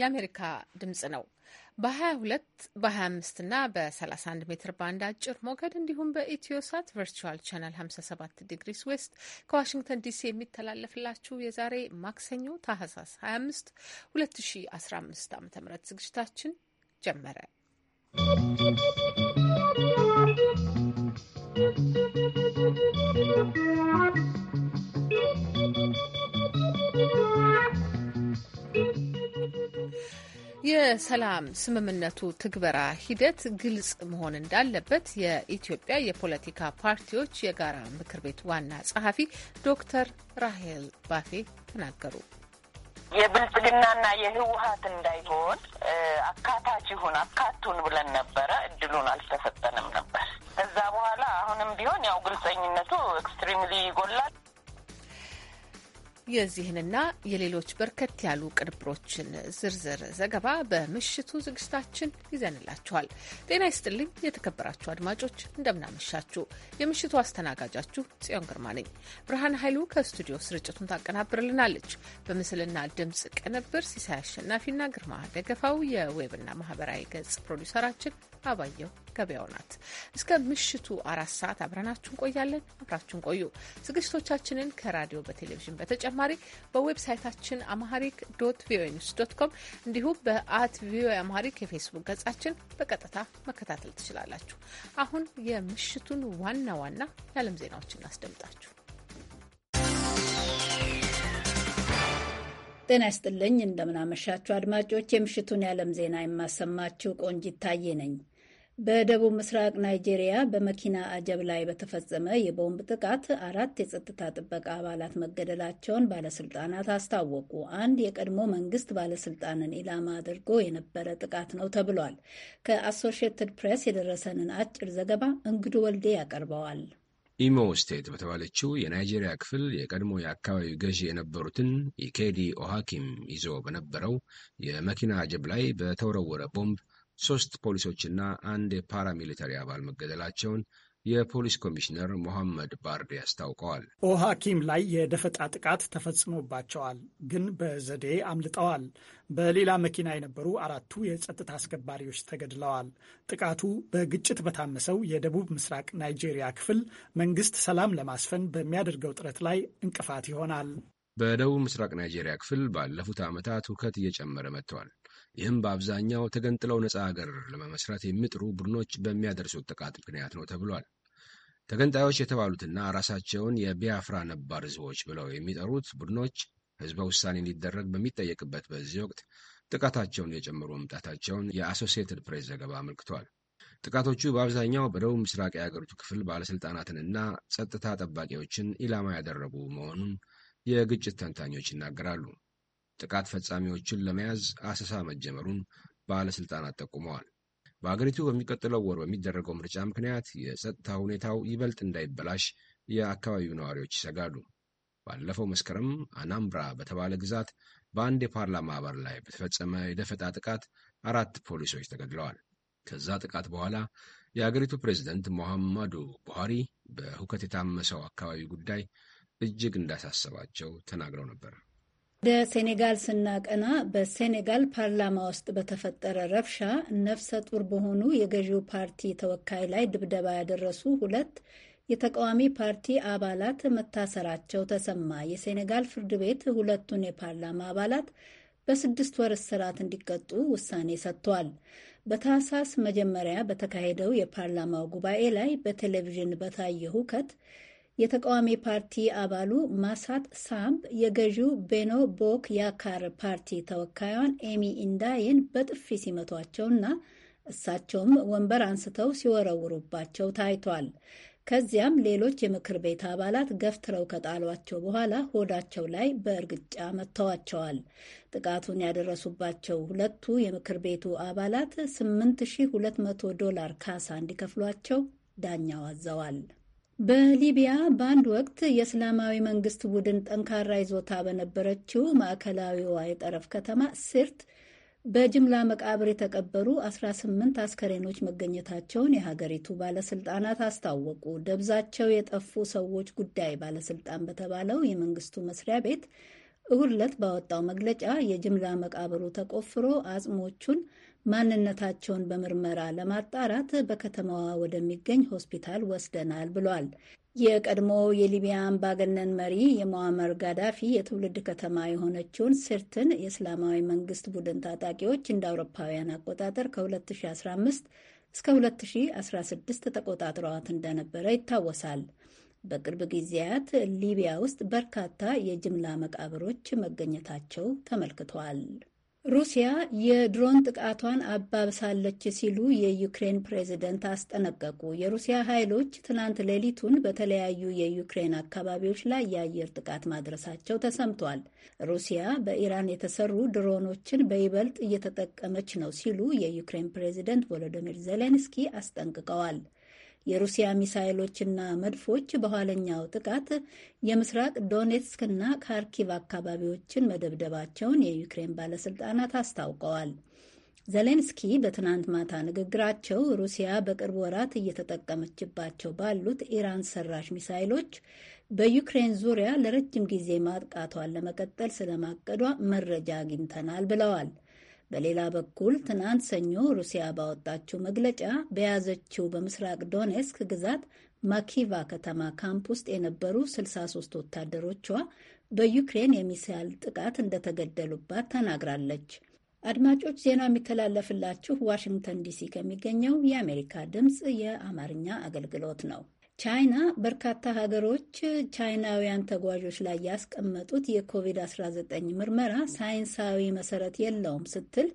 የአሜሪካ ድምጽ ነው። በ22 በ25 እና በ31 ሜትር ባንድ አጭር ሞገድ እንዲሁም ሳት ቨርቹዋል ቻናል 57 ዲግሪስ ዌስት ከዋሽንግተን ዲሲ የሚተላለፍላችሁ የዛሬ ማክሰኞ ታህሳስ 25 2015 ዓ ም ዝግጅታችን ጀመረ። የሰላም ስምምነቱ ትግበራ ሂደት ግልጽ መሆን እንዳለበት የኢትዮጵያ የፖለቲካ ፓርቲዎች የጋራ ምክር ቤት ዋና ጸሐፊ ዶክተር ራሄል ባፌ ተናገሩ። የብልጽግናና የህወሀት እንዳይሆን አካታች ይሁን አካቱን ብለን ነበረ። እድሉን አልተሰጠንም ነበር። ከዛ በኋላ አሁንም ቢሆን ያው ግልጸኝነቱ ኤክስትሪምሊ ይጎላል። የዚህንና የሌሎች በርከት ያሉ ቅንብሮችን ዝርዝር ዘገባ በምሽቱ ዝግጅታችን ይዘንላችኋል። ጤና ይስጥልኝ የተከበራችሁ አድማጮች፣ እንደምናመሻችሁ። የምሽቱ አስተናጋጃችሁ ጽዮን ግርማ ነኝ። ብርሃን ኃይሉ ከስቱዲዮ ስርጭቱን ታቀናብርልናለች። በምስልና ድምፅ ቅንብር ሲሳይ አሸናፊና ግርማ ደገፋው የዌብና ማህበራዊ ገጽ ፕሮዲውሰራችን አባየው ገበያው ናት። እስከ ምሽቱ አራት ሰዓት አብረናችሁን ቆያለን። አብራችሁን ቆዩ። ዝግጅቶቻችንን ከራዲዮ በቴሌቪዥን በተጨማሪ በዌብሳይታችን አማሃሪክ ዶት ቪኦኤ ኒውስ ዶት ኮም እንዲሁም በአት ቪኦኤ አማሃሪክ የፌስቡክ ገጻችን በቀጥታ መከታተል ትችላላችሁ። አሁን የምሽቱን ዋና ዋና የዓለም ዜናዎችን እናስደምጣችሁ። ጤና ይስጥልኝ እንደምናመሻችሁ አድማጮች፣ የምሽቱን የዓለም ዜና የማሰማችሁ ቆንጂት ታዬ ነኝ። በደቡብ ምስራቅ ናይጄሪያ በመኪና አጀብ ላይ በተፈጸመ የቦምብ ጥቃት አራት የጸጥታ ጥበቃ አባላት መገደላቸውን ባለስልጣናት አስታወቁ። አንድ የቀድሞ መንግስት ባለስልጣንን ኢላማ አድርጎ የነበረ ጥቃት ነው ተብሏል። ከአሶሺየትድ ፕሬስ የደረሰንን አጭር ዘገባ እንግዱ ወልዴ ያቀርበዋል። ኢሞ ስቴት በተባለችው የናይጄሪያ ክፍል የቀድሞ የአካባቢው ገዢ የነበሩትን ኢኬዲ ኦሃኪም ይዞ በነበረው የመኪና አጀብ ላይ በተወረወረ ቦምብ ሶስት ፖሊሶችና አንድ የፓራሚሊተሪ አባል መገደላቸውን የፖሊስ ኮሚሽነር ሞሐመድ ባርዴ አስታውቀዋል። ኦሃኪም ላይ የደፈጣ ጥቃት ተፈጽሞባቸዋል፣ ግን በዘዴ አምልጠዋል። በሌላ መኪና የነበሩ አራቱ የጸጥታ አስከባሪዎች ተገድለዋል። ጥቃቱ በግጭት በታመሰው የደቡብ ምስራቅ ናይጄሪያ ክፍል መንግስት ሰላም ለማስፈን በሚያደርገው ጥረት ላይ እንቅፋት ይሆናል። በደቡብ ምስራቅ ናይጄሪያ ክፍል ባለፉት ዓመታት ሁከት እየጨመረ መጥተዋል። ይህም በአብዛኛው ተገንጥለው ነፃ ሀገር ለመመስረት የሚጥሩ ቡድኖች በሚያደርሱት ጥቃት ምክንያት ነው ተብሏል። ተገንጣዮች የተባሉትና ራሳቸውን የቢያፍራ ነባር ህዝቦች ብለው የሚጠሩት ቡድኖች ህዝበ ውሳኔ እንዲደረግ በሚጠየቅበት በዚህ ወቅት ጥቃታቸውን የጨመሩ መምጣታቸውን የአሶሲየትድ ፕሬስ ዘገባ አመልክቷል። ጥቃቶቹ በአብዛኛው በደቡብ ምስራቅ የአገሪቱ ክፍል ባለሥልጣናትንና ጸጥታ ጠባቂዎችን ኢላማ ያደረጉ መሆኑን የግጭት ተንታኞች ይናገራሉ። ጥቃት ፈጻሚዎችን ለመያዝ አሰሳ መጀመሩን ባለሥልጣናት ጠቁመዋል። በአገሪቱ በሚቀጥለው ወር በሚደረገው ምርጫ ምክንያት የጸጥታ ሁኔታው ይበልጥ እንዳይበላሽ የአካባቢው ነዋሪዎች ይሰጋሉ። ባለፈው መስከረም አናምብራ በተባለ ግዛት በአንድ የፓርላማ አባል ላይ በተፈጸመ የደፈጣ ጥቃት አራት ፖሊሶች ተገድለዋል። ከዛ ጥቃት በኋላ የአገሪቱ ፕሬዝደንት ሞሐመዱ ቡሃሪ በሁከት የታመሰው አካባቢ ጉዳይ እጅግ እንዳሳሰባቸው ተናግረው ነበር። ወደ ሴኔጋል ስናቀና በሴኔጋል ፓርላማ ውስጥ በተፈጠረ ረብሻ ነፍሰ ጡር በሆኑ የገዢው ፓርቲ ተወካይ ላይ ድብደባ ያደረሱ ሁለት የተቃዋሚ ፓርቲ አባላት መታሰራቸው ተሰማ። የሴኔጋል ፍርድ ቤት ሁለቱን የፓርላማ አባላት በስድስት ወር እስራት እንዲቀጡ ውሳኔ ሰጥቷል። በታህሳስ መጀመሪያ በተካሄደው የፓርላማው ጉባኤ ላይ በቴሌቪዥን በታየ ሁከት የተቃዋሚ ፓርቲ አባሉ ማሳት ሳምፕ የገዢው ቤኖ ቦክ ያካር ፓርቲ ተወካዩን ኤሚ ኢንዳይን በጥፊ ሲመቷቸውና እሳቸውም ወንበር አንስተው ሲወረውሩባቸው ታይቷል። ከዚያም ሌሎች የምክር ቤት አባላት ገፍትረው ከጣሏቸው በኋላ ሆዳቸው ላይ በእርግጫ መጥተዋቸዋል። ጥቃቱን ያደረሱባቸው ሁለቱ የምክር ቤቱ አባላት 8200 ዶላር ካሳ እንዲከፍሏቸው ዳኛው አዘዋል። በሊቢያ በአንድ ወቅት የእስላማዊ መንግስት ቡድን ጠንካራ ይዞታ በነበረችው ማዕከላዊዋ የጠረፍ ከተማ ሲርት በጅምላ መቃብር የተቀበሩ 18 አስከሬኖች መገኘታቸውን የሀገሪቱ ባለስልጣናት አስታወቁ። ደብዛቸው የጠፉ ሰዎች ጉዳይ ባለስልጣን በተባለው የመንግስቱ መስሪያ ቤት እሁድ ዕለት ባወጣው መግለጫ የጅምላ መቃብሩ ተቆፍሮ አጽሞቹን ማንነታቸውን በምርመራ ለማጣራት በከተማዋ ወደሚገኝ ሆስፒታል ወስደናል ብሏል። የቀድሞ የሊቢያ አምባገነን መሪ የሞአመር ጋዳፊ የትውልድ ከተማ የሆነችውን ስርትን የእስላማዊ መንግስት ቡድን ታጣቂዎች እንደ አውሮፓውያን አቆጣጠር ከ2015 እስከ 2016 ተቆጣጥረዋት እንደነበረ ይታወሳል። በቅርብ ጊዜያት ሊቢያ ውስጥ በርካታ የጅምላ መቃብሮች መገኘታቸው ተመልክቷል። ሩሲያ የድሮን ጥቃቷን አባብሳለች ሲሉ የዩክሬን ፕሬዝደንት አስጠነቀቁ። የሩሲያ ኃይሎች ትናንት ሌሊቱን በተለያዩ የዩክሬን አካባቢዎች ላይ የአየር ጥቃት ማድረሳቸው ተሰምቷል። ሩሲያ በኢራን የተሰሩ ድሮኖችን በይበልጥ እየተጠቀመች ነው ሲሉ የዩክሬን ፕሬዝደንት ቮሎዲሚር ዜሌንስኪ አስጠንቅቀዋል። የሩሲያ ሚሳይሎችና መድፎች በኋለኛው ጥቃት የምስራቅ ዶኔትስክና ካርኪቭ አካባቢዎችን መደብደባቸውን የዩክሬን ባለስልጣናት አስታውቀዋል። ዜሌንስኪ በትናንት ማታ ንግግራቸው ሩሲያ በቅርብ ወራት እየተጠቀመችባቸው ባሉት ኢራን ሰራሽ ሚሳይሎች በዩክሬን ዙሪያ ለረጅም ጊዜ ማጥቃቷን ለመቀጠል ስለማቀዷ መረጃ አግኝተናል ብለዋል። በሌላ በኩል ትናንት ሰኞ ሩሲያ ባወጣችው መግለጫ በያዘችው በምስራቅ ዶኔስክ ግዛት ማኪቫ ከተማ ካምፕ ውስጥ የነበሩ 63 ወታደሮቿ በዩክሬን የሚሳይል ጥቃት እንደተገደሉባት ተናግራለች። አድማጮች ዜና የሚተላለፍላችሁ ዋሽንግተን ዲሲ ከሚገኘው የአሜሪካ ድምፅ የአማርኛ አገልግሎት ነው። ቻይና በርካታ ሀገሮች ቻይናውያን ተጓዦች ላይ ያስቀመጡት የኮቪድ-19 ምርመራ ሳይንሳዊ መሰረት የለውም ስትል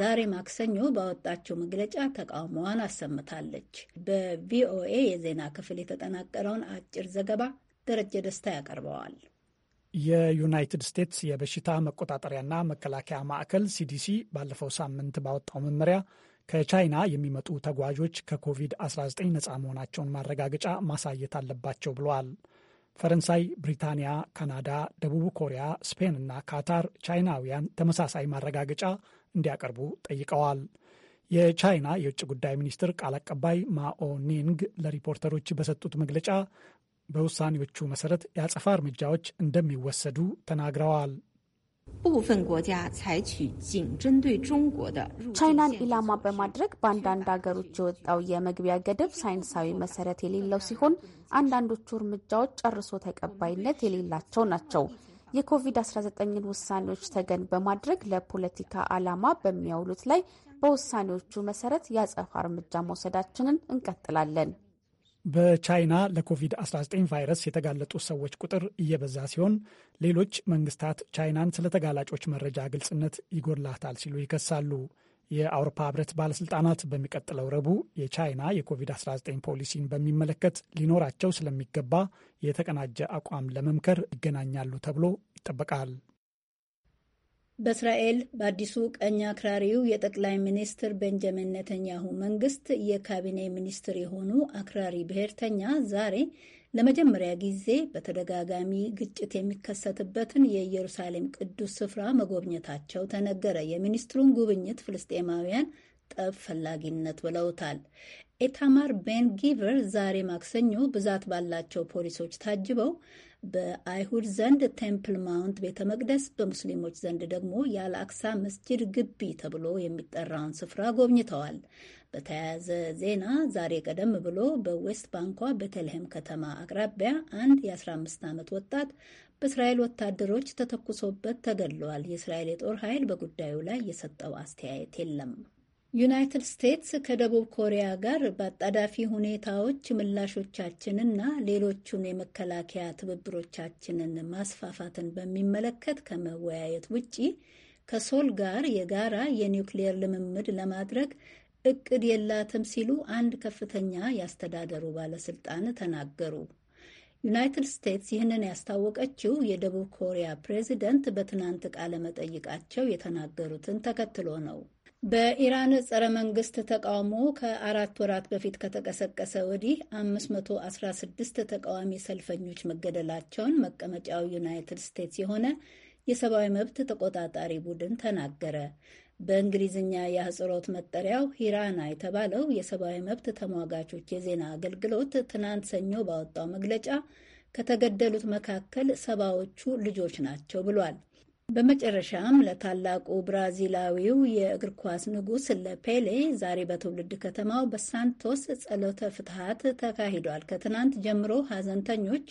ዛሬ ማክሰኞ ባወጣቸው መግለጫ ተቃውሞዋን አሰምታለች። በቪኦኤ የዜና ክፍል የተጠናቀረውን አጭር ዘገባ ደረጀ ደስታ ያቀርበዋል። የዩናይትድ ስቴትስ የበሽታ መቆጣጠሪያና መከላከያ ማዕከል ሲዲሲ ባለፈው ሳምንት ባወጣው መመሪያ ከቻይና የሚመጡ ተጓዦች ከኮቪድ-19 ነፃ መሆናቸውን ማረጋገጫ ማሳየት አለባቸው ብለዋል። ፈረንሳይ፣ ብሪታንያ፣ ካናዳ፣ ደቡብ ኮሪያ፣ ስፔን እና ካታር ቻይናውያን ተመሳሳይ ማረጋገጫ እንዲያቀርቡ ጠይቀዋል። የቻይና የውጭ ጉዳይ ሚኒስትር ቃል አቀባይ ማኦ ኒንግ ለሪፖርተሮች በሰጡት መግለጫ በውሳኔዎቹ መሰረት የአጸፋ እርምጃዎች እንደሚወሰዱ ተናግረዋል። 部分国家采取仅针对中国的 ቻይናን ኢላማ በማድረግ በአንዳንድ ሀገሮች የወጣው የመግቢያ ገደብ ሳይንሳዊ መሰረት የሌለው ሲሆን አንዳንዶቹ እርምጃዎች ጨርሶ ተቀባይነት የሌላቸው ናቸው። የኮቪድ-19ን ውሳኔዎች ተገን በማድረግ ለፖለቲካ ዓላማ በሚያውሉት ላይ በውሳኔዎቹ መሰረት የአጸፋ እርምጃ መውሰዳችንን እንቀጥላለን። በቻይና ለኮቪድ-19 ቫይረስ የተጋለጡ ሰዎች ቁጥር እየበዛ ሲሆን ሌሎች መንግስታት ቻይናን ስለ ተጋላጮች መረጃ ግልጽነት ይጎላታል ሲሉ ይከሳሉ። የአውሮፓ ህብረት ባለስልጣናት በሚቀጥለው ረቡዕ የቻይና የኮቪድ-19 ፖሊሲን በሚመለከት ሊኖራቸው ስለሚገባ የተቀናጀ አቋም ለመምከር ይገናኛሉ ተብሎ ይጠበቃል። በእስራኤል በአዲሱ ቀኝ አክራሪው የጠቅላይ ሚኒስትር ቤንጃሚን ኔተንያሁ መንግስት የካቢኔ ሚኒስትር የሆኑ አክራሪ ብሔርተኛ ዛሬ ለመጀመሪያ ጊዜ በተደጋጋሚ ግጭት የሚከሰትበትን የኢየሩሳሌም ቅዱስ ስፍራ መጎብኘታቸው ተነገረ። የሚኒስትሩን ጉብኝት ፍልስጤማውያን ጠብ ፈላጊነት ብለውታል። ኤታማር ቤን ጊቨር ዛሬ ማክሰኞ ብዛት ባላቸው ፖሊሶች ታጅበው በአይሁድ ዘንድ ቴምፕል ማውንት ቤተ መቅደስ፣ በሙስሊሞች ዘንድ ደግሞ የአልአክሳ መስጂድ ግቢ ተብሎ የሚጠራውን ስፍራ ጎብኝተዋል። በተያያዘ ዜና ዛሬ ቀደም ብሎ በዌስት ባንኳ ቤተልሔም ከተማ አቅራቢያ አንድ የ15 ዓመት ወጣት በእስራኤል ወታደሮች ተተኩሶበት ተገድሏል። የእስራኤል የጦር ኃይል በጉዳዩ ላይ የሰጠው አስተያየት የለም። ዩናይትድ ስቴትስ ከደቡብ ኮሪያ ጋር በአጣዳፊ ሁኔታዎች ምላሾቻችንና ሌሎቹን የመከላከያ ትብብሮቻችንን ማስፋፋትን በሚመለከት ከመወያየት ውጪ ከሶል ጋር የጋራ የኒውክሌየር ልምምድ ለማድረግ እቅድ የላትም ሲሉ አንድ ከፍተኛ ያስተዳደሩ ባለስልጣን ተናገሩ። ዩናይትድ ስቴትስ ይህንን ያስታወቀችው የደቡብ ኮሪያ ፕሬዚደንት በትናንት ቃለ መጠይቃቸው የተናገሩትን ተከትሎ ነው። በኢራን ጸረ መንግስት ተቃውሞ ከአራት ወራት በፊት ከተቀሰቀሰ ወዲህ 516 ተቃዋሚ ሰልፈኞች መገደላቸውን መቀመጫው ዩናይትድ ስቴትስ የሆነ የሰብአዊ መብት ተቆጣጣሪ ቡድን ተናገረ። በእንግሊዝኛ የአህጽሮት መጠሪያው ሂራና የተባለው የሰብአዊ መብት ተሟጋቾች የዜና አገልግሎት ትናንት ሰኞ ባወጣው መግለጫ ከተገደሉት መካከል ሰባዎቹ ልጆች ናቸው ብሏል። በመጨረሻም ለታላቁ ብራዚላዊው የእግር ኳስ ንጉሥ ለፔሌ ዛሬ በትውልድ ከተማው በሳንቶስ ጸሎተ ፍትሐት ተካሂዷል። ከትናንት ጀምሮ ሀዘንተኞች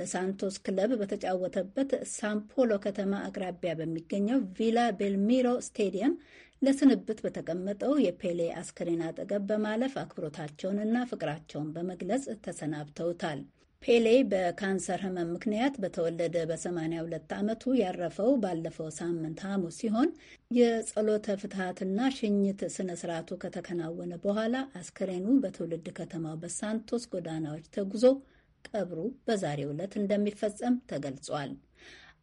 ለሳንቶስ ክለብ በተጫወተበት ሳምፖሎ ከተማ አቅራቢያ በሚገኘው ቪላ ቤልሚሮ ስቴዲየም ለስንብት በተቀመጠው የፔሌ አስከሬን አጠገብ በማለፍ አክብሮታቸውንና ፍቅራቸውን በመግለጽ ተሰናብተውታል። ፔሌ በካንሰር ህመም ምክንያት በተወለደ በ82 ዓመቱ ያረፈው ባለፈው ሳምንት ሐሙስ ሲሆን የጸሎተ ፍትሐትና ሽኝት ስነ ስርዓቱ ከተከናወነ በኋላ አስክሬኑ በትውልድ ከተማው በሳንቶስ ጎዳናዎች ተጉዞ ቀብሩ በዛሬው ዕለት እንደሚፈጸም ተገልጿል።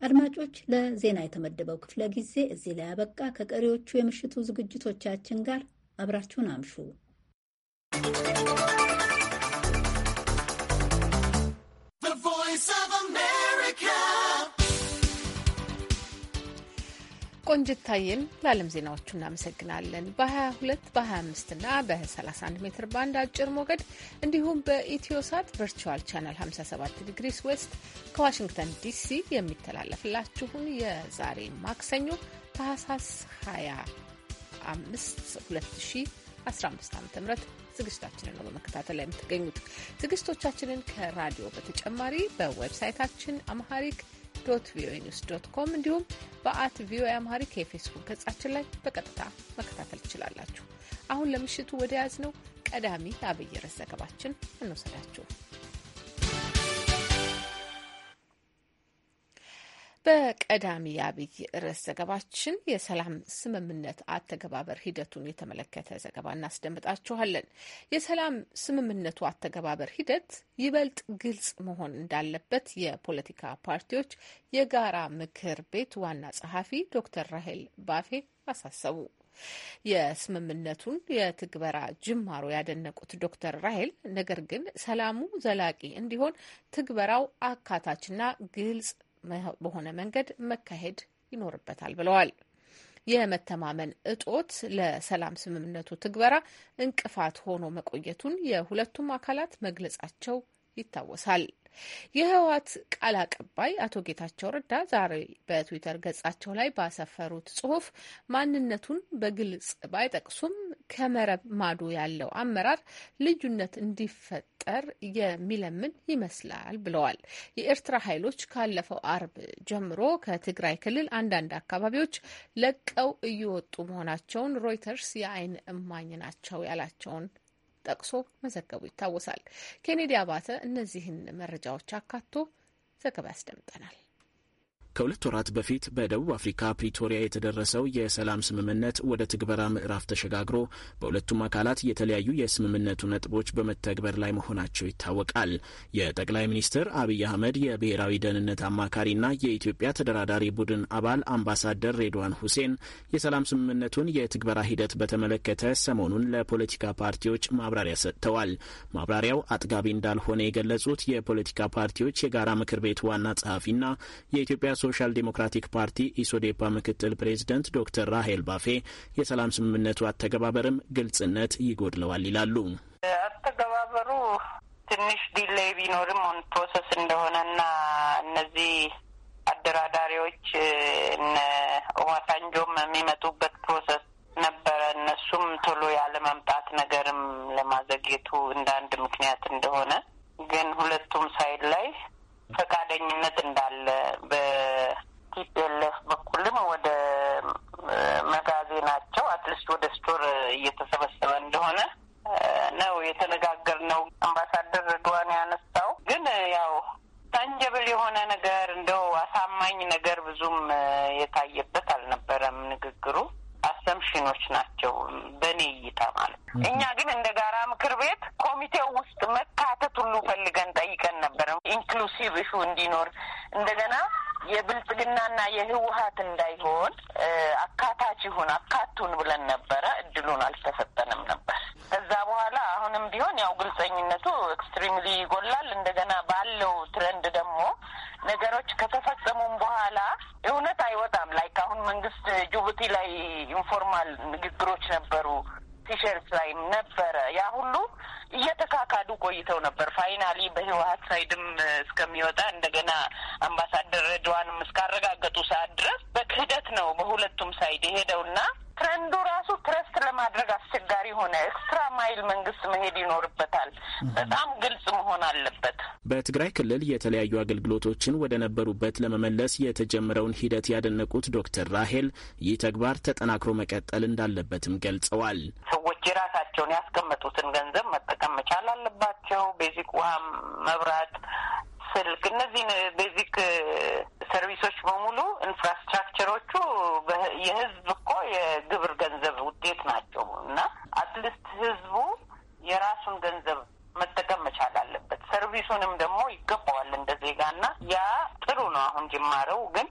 አድማጮች፣ ለዜና የተመደበው ክፍለ ጊዜ እዚህ ላይ አበቃ። ከቀሪዎቹ የምሽቱ ዝግጅቶቻችን ጋር አብራችሁን አምሹ። ቆንጅታየን ለዓለም ዜናዎቹ እናመሰግናለን። በ22 በ25 እና በ31 ሜትር ባንድ አጭር ሞገድ እንዲሁም በኢትዮሳት ቨርቹዋል ቻናል 57 ዲግሪስ ዌስት ከዋሽንግተን ዲሲ የሚተላለፍላችሁን የዛሬ ማክሰኞ ታህሳስ 25 2015 ዓ ም ዝግጅታችንን ነው በመከታተል ላይ የምትገኙት። ዝግጅቶቻችንን ከራዲዮ በተጨማሪ በዌብሳይታችን አምሃሪክ ዶት ቪኦኤ ኒውስ ዶት ኮም እንዲሁም በአት ቪኦኤ አምሃሪክ የፌስቡክ ገጻችን ላይ በቀጥታ መከታተል ትችላላችሁ። አሁን ለምሽቱ ወደ ነው ቀዳሚ አብይ ርዕስ ዘገባችን እንወሰዳችሁ። በቀዳሚ የአብይ ርዕስ ዘገባችን የሰላም ስምምነት አተገባበር ሂደቱን የተመለከተ ዘገባ እናስደምጣችኋለን። የሰላም ስምምነቱ አተገባበር ሂደት ይበልጥ ግልጽ መሆን እንዳለበት የፖለቲካ ፓርቲዎች የጋራ ምክር ቤት ዋና ጸሐፊ ዶክተር ራሄል ባፌ አሳሰቡ። የስምምነቱን የትግበራ ጅማሮ ያደነቁት ዶክተር ራሄል ነገር ግን ሰላሙ ዘላቂ እንዲሆን ትግበራው አካታችና ግልጽ በሆነ መንገድ መካሄድ ይኖርበታል ብለዋል። የመተማመን እጦት ለሰላም ስምምነቱ ትግበራ እንቅፋት ሆኖ መቆየቱን የሁለቱም አካላት መግለጻቸው ይታወሳል። የህወሓት ቃል አቀባይ አቶ ጌታቸው ረዳ ዛሬ በትዊተር ገጻቸው ላይ ባሰፈሩት ጽሁፍ ማንነቱን በግልጽ ባይጠቅሱም ከመረብ ማዶ ያለው አመራር ልዩነት እንዲፈጠር የሚለምን ይመስላል ብለዋል። የኤርትራ ኃይሎች ካለፈው አርብ ጀምሮ ከትግራይ ክልል አንዳንድ አካባቢዎች ለቀው እየወጡ መሆናቸውን ሮይተርስ የአይን እማኝ ናቸው ያላቸውን ጠቅሶ መዘገቡ ይታወሳል። ኬኔዲ አባተ እነዚህን መረጃዎች አካቶ ዘገባ ያስደምጠናል። ከሁለት ወራት በፊት በደቡብ አፍሪካ ፕሪቶሪያ የተደረሰው የሰላም ስምምነት ወደ ትግበራ ምዕራፍ ተሸጋግሮ በሁለቱም አካላት የተለያዩ የስምምነቱ ነጥቦች በመተግበር ላይ መሆናቸው ይታወቃል። የጠቅላይ ሚኒስትር አብይ አህመድ የብሔራዊ ደህንነት አማካሪና የኢትዮጵያ ተደራዳሪ ቡድን አባል አምባሳደር ሬድዋን ሁሴን የሰላም ስምምነቱን የትግበራ ሂደት በተመለከተ ሰሞኑን ለፖለቲካ ፓርቲዎች ማብራሪያ ሰጥተዋል። ማብራሪያው አጥጋቢ እንዳልሆነ የገለጹት የፖለቲካ ፓርቲዎች የጋራ ምክር ቤት ዋና ጸሐፊና የኢትዮጵያ የሶሻል ዴሞክራቲክ ፓርቲ ኢሶዴፓ ምክትል ፕሬዝደንት ዶክተር ራሄል ባፌ የሰላም ስምምነቱ አተገባበርም ግልጽነት ይጎድለዋል ይላሉ። አተገባበሩ ትንሽ ዲሌይ ቢኖርም ኦን ፕሮሰስ እንደሆነና እነዚህ አደራዳሪዎች እነ ኦባሳንጆም የሚመጡበት ፕሮሰስ ነበረ። እነሱም ቶሎ ያለ መምጣት ነገርም ለማዘግየቱ እንደ አንድ ምክንያት እንደሆነ ግን ሁለቱም ሳይድ ላይ ፈቃደኝነት እንዳለ በቲፒኤልኤፍ በኩልም ወደ መጋዜናቸው አትሊስት ወደ ስቶር እየተሰበሰበ እንደሆነ ነው የተነጋገርነው። አምባሳደር ርድዋን ያነሳው ግን ያው ታንጀብል የሆነ ነገር እንደው አሳማኝ ነገር ብዙም የታየበት አልነበረም ንግግሩ። አሰምሽኖች ናቸው፣ በእኔ እይታ ማለት ነው። እኛ ግን እንደ ጋራ ምክር ቤት ኮሚቴው ውስጥ መካተት ሁሉ ፈልገን ጠይቀን ነበረ። ኢንክሉሲቭ ኢሹ እንዲኖር እንደገና የብልጽግናና የህወሀት እንዳይሆን አካታች ይሁን አካቱን ብለን ነበረ። እድሉን አልተሰጠንም ነበር። ከዛ በኋላ አሁንም ቢሆን ያው ግልጸኝነቱ ኤክስትሪምሊ ይጎላል። እንደገና ባለው ትረንድ ደግሞ ነገሮች ከተፈጸሙም በኋላ እውነት አይወጣም። ላይክ አሁን መንግስት ጅቡቲ ላይ ኢንፎርማል ንግግሮች ነበሩ ቲሸርት ላይ ነበረ። ያ ሁሉ እየተካካዱ ቆይተው ነበር። ፋይናሊ በህወሀት ሳይድም እስከሚወጣ እንደገና አምባሳደር ረድዋንም እስካረጋገጡ ሰዓት ድረስ በክህደት ነው በሁለቱም ሳይድ የሄደውና ትረንዱ ራሱ ትረስት ለማድረግ አስቸጋሪ ሆነ። ኤክስትራ ማይል መንግስት መሄድ ይኖርበታል። በጣም ግልጽ መሆን አለበት። በትግራይ ክልል የተለያዩ አገልግሎቶችን ወደ ነበሩበት ለመመለስ የተጀመረውን ሂደት ያደነቁት ዶክተር ራሄል ይህ ተግባር ተጠናክሮ መቀጠል እንዳለበትም ገልጸዋል። ሰዎች የራሳቸውን ያስቀመጡትን ገንዘብ መጠቀም መቻል አለባቸው። ቤዚክ ውሃ፣ መብራት ስልክ፣ እነዚህን ቤዚክ ሰርቪሶች በሙሉ ኢንፍራስትራክቸሮቹ የህዝብ እኮ የግብር ገንዘብ ውጤት ናቸው እና አትሊስት ህዝቡ የራሱን ገንዘብ መጠቀም መቻል አለበት። ሰርቪሱንም ደግሞ ይገባዋል እንደ ዜጋ እና ያ ጥሩ ነው። አሁን ጅማረው ግን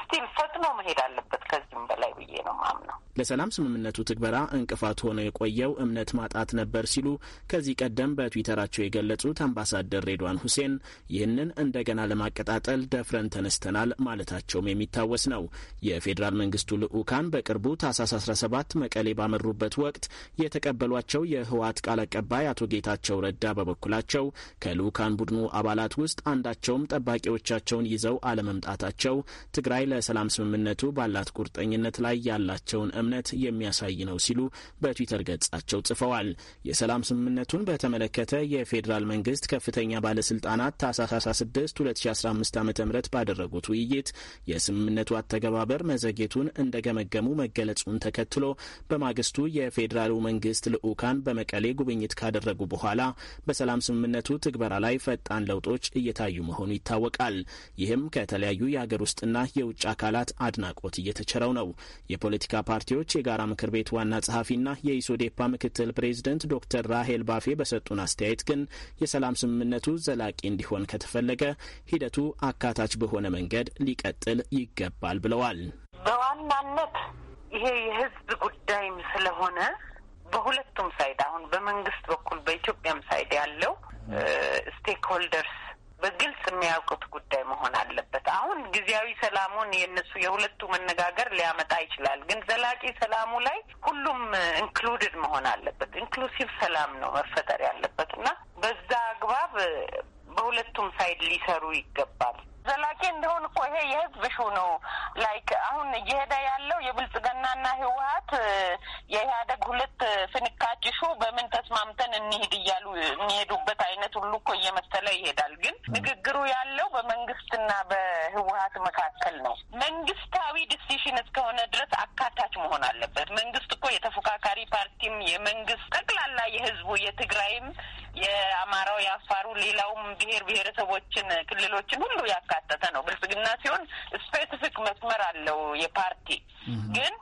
ስቲል ፈጥኖ መሄድ አለበት ከዚህም በላይ ብዬ ነው ማምነው። ለሰላም ስምምነቱ ትግበራ እንቅፋት ሆኖ የቆየው እምነት ማጣት ነበር ሲሉ ከዚህ ቀደም በትዊተራቸው የገለጹት አምባሳደር ሬድዋን ሁሴን ይህንን እንደገና ለማቀጣጠል ደፍረን ተነስተናል ማለታቸውም የሚታወስ ነው። የፌዴራል መንግስቱ ልዑካን በቅርቡ ታህሳስ 17 መቀሌ ባመሩበት ወቅት የተቀበሏቸው የህወሓት ቃል አቀባይ አቶ ጌታቸው ረዳ በበኩላቸው ከልዑካን ቡድኑ አባላት ውስጥ አንዳቸውም ጠባቂዎቻቸውን ይዘው አለመምጣታቸው ትግራ ትግራይ ለሰላም ስምምነቱ ባላት ቁርጠኝነት ላይ ያላቸውን እምነት የሚያሳይ ነው ሲሉ በትዊተር ገጻቸው ጽፈዋል። የሰላም ስምምነቱን በተመለከተ የፌዴራል መንግስት ከፍተኛ ባለስልጣናት ታህሳስ 16 2015 ዓ ም ባደረጉት ውይይት የስምምነቱ አተገባበር መዘግየቱን እንደገመገሙ መገለጹን ተከትሎ በማግስቱ የፌዴራሉ መንግስት ልዑካን በመቀሌ ጉብኝት ካደረጉ በኋላ በሰላም ስምምነቱ ትግበራ ላይ ፈጣን ለውጦች እየታዩ መሆኑ ይታወቃል። ይህም ከተለያዩ የአገር ውስጥና የ የውጭ አካላት አድናቆት እየተቸረው ነው። የፖለቲካ ፓርቲዎች የጋራ ምክር ቤት ዋና ጸሐፊና የኢሶዴፓ ምክትል ፕሬዚደንት ዶክተር ራሄል ባፌ በሰጡን አስተያየት ግን የሰላም ስምምነቱ ዘላቂ እንዲሆን ከተፈለገ ሂደቱ አካታች በሆነ መንገድ ሊቀጥል ይገባል ብለዋል። በዋናነት ይሄ የህዝብ ጉዳይም ስለሆነ በሁለቱም ሳይድ አሁን በመንግስት በኩል በኢትዮጵያም ሳይድ ያለው ስቴክሆልደርስ በግልጽ የሚያውቁት ጉዳይ መሆን አለበት። አሁን ጊዜያዊ ሰላሙን የእነሱ የሁለቱ መነጋገር ሊያመጣ ይችላል፣ ግን ዘላቂ ሰላሙ ላይ ሁሉም ኢንክሉድድ መሆን አለበት። ኢንክሉሲቭ ሰላም ነው መፈጠር ያለበት እና በዛ አግባብ በሁለቱም ሳይድ ሊሰሩ ይገባል። ዘላቂ እንደሆን እኮ ይሄ የህዝብ ሹ ነው። ላይክ አሁን እየሄደ ያለው የብልጽግናና ህወሀት የኢህአደግ ሁለት ፍንካች ሹ በምን ተስማምተን እንሄድ እያሉ የሚሄዱበት አይነት ሁሉ እኮ እየመሰለ ይሄዳል። ግን ንግግሩ ያለው በመንግስትና በህወሀት መካከል ነው። መንግስታዊ ዲሲሽን እስከሆነ ድረስ አካታች መሆን አለበት። መንግስት እኮ የተፎካካሪ ፓርቲም የመንግስት ጠቅላላ የህዝቡ የትግራይም፣ የአማራው፣ የአፋሩ ሌላውም ብሄር ብሄረሰቦችን ክልሎችን ሁሉ ያካ የተካተተ ነው። ብልጽግና ሲሆን ስፔሲፊክ መስመር አለው የፓርቲ ግን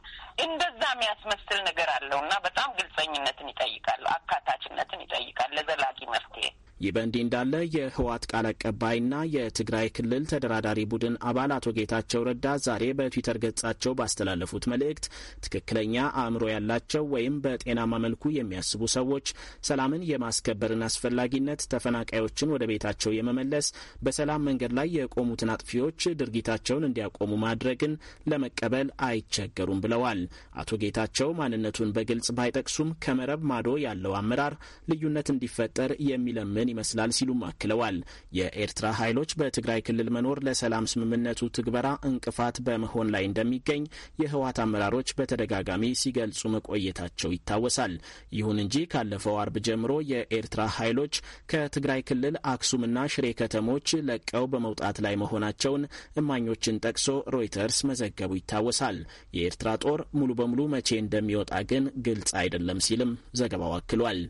እንደዛ የሚያስመስል ነገር አለው እና በጣም ግልጸኝነትን ይጠይቃል፣ አካታችነትን ይጠይቃል ለዘላቂ መፍትሄ። ይህ በእንዲህ እንዳለ የህወሓት ቃል አቀባይና የትግራይ ክልል ተደራዳሪ ቡድን አባል አቶ ጌታቸው ረዳ ዛሬ በትዊተር ገጻቸው ባስተላለፉት መልእክት ትክክለኛ አእምሮ ያላቸው ወይም በጤናማ መልኩ የሚያስቡ ሰዎች ሰላምን የማስከበርን አስፈላጊነት፣ ተፈናቃዮችን ወደ ቤታቸው የመመለስ፣ በሰላም መንገድ ላይ የቆሙትን አጥፊዎች ድርጊታቸውን እንዲያቆሙ ማድረግን ለመቀበል አይቸገሩም ብለዋል። አቶ ጌታቸው ማንነቱን በግልጽ ባይጠቅሱም ከመረብ ማዶ ያለው አመራር ልዩነት እንዲፈጠር የሚለምን ይመስላል ሲሉም አክለዋል። የኤርትራ ኃይሎች በትግራይ ክልል መኖር ለሰላም ስምምነቱ ትግበራ እንቅፋት በመሆን ላይ እንደሚገኝ የህወሓት አመራሮች በተደጋጋሚ ሲገልጹ መቆየታቸው ይታወሳል። ይሁን እንጂ ካለፈው አርብ ጀምሮ የኤርትራ ኃይሎች ከትግራይ ክልል አክሱምና ሽሬ ከተሞች ለቀው በመውጣት ላይ መሆናቸውን እማኞችን ጠቅሶ ሮይተርስ መዘገቡ ይታወሳል። የኤርትራ ጦር ሙሉ በሙሉ መቼ እንደሚወጣ ግን ግልጽ አይደለም ሲልም ዘገባው አክሏል።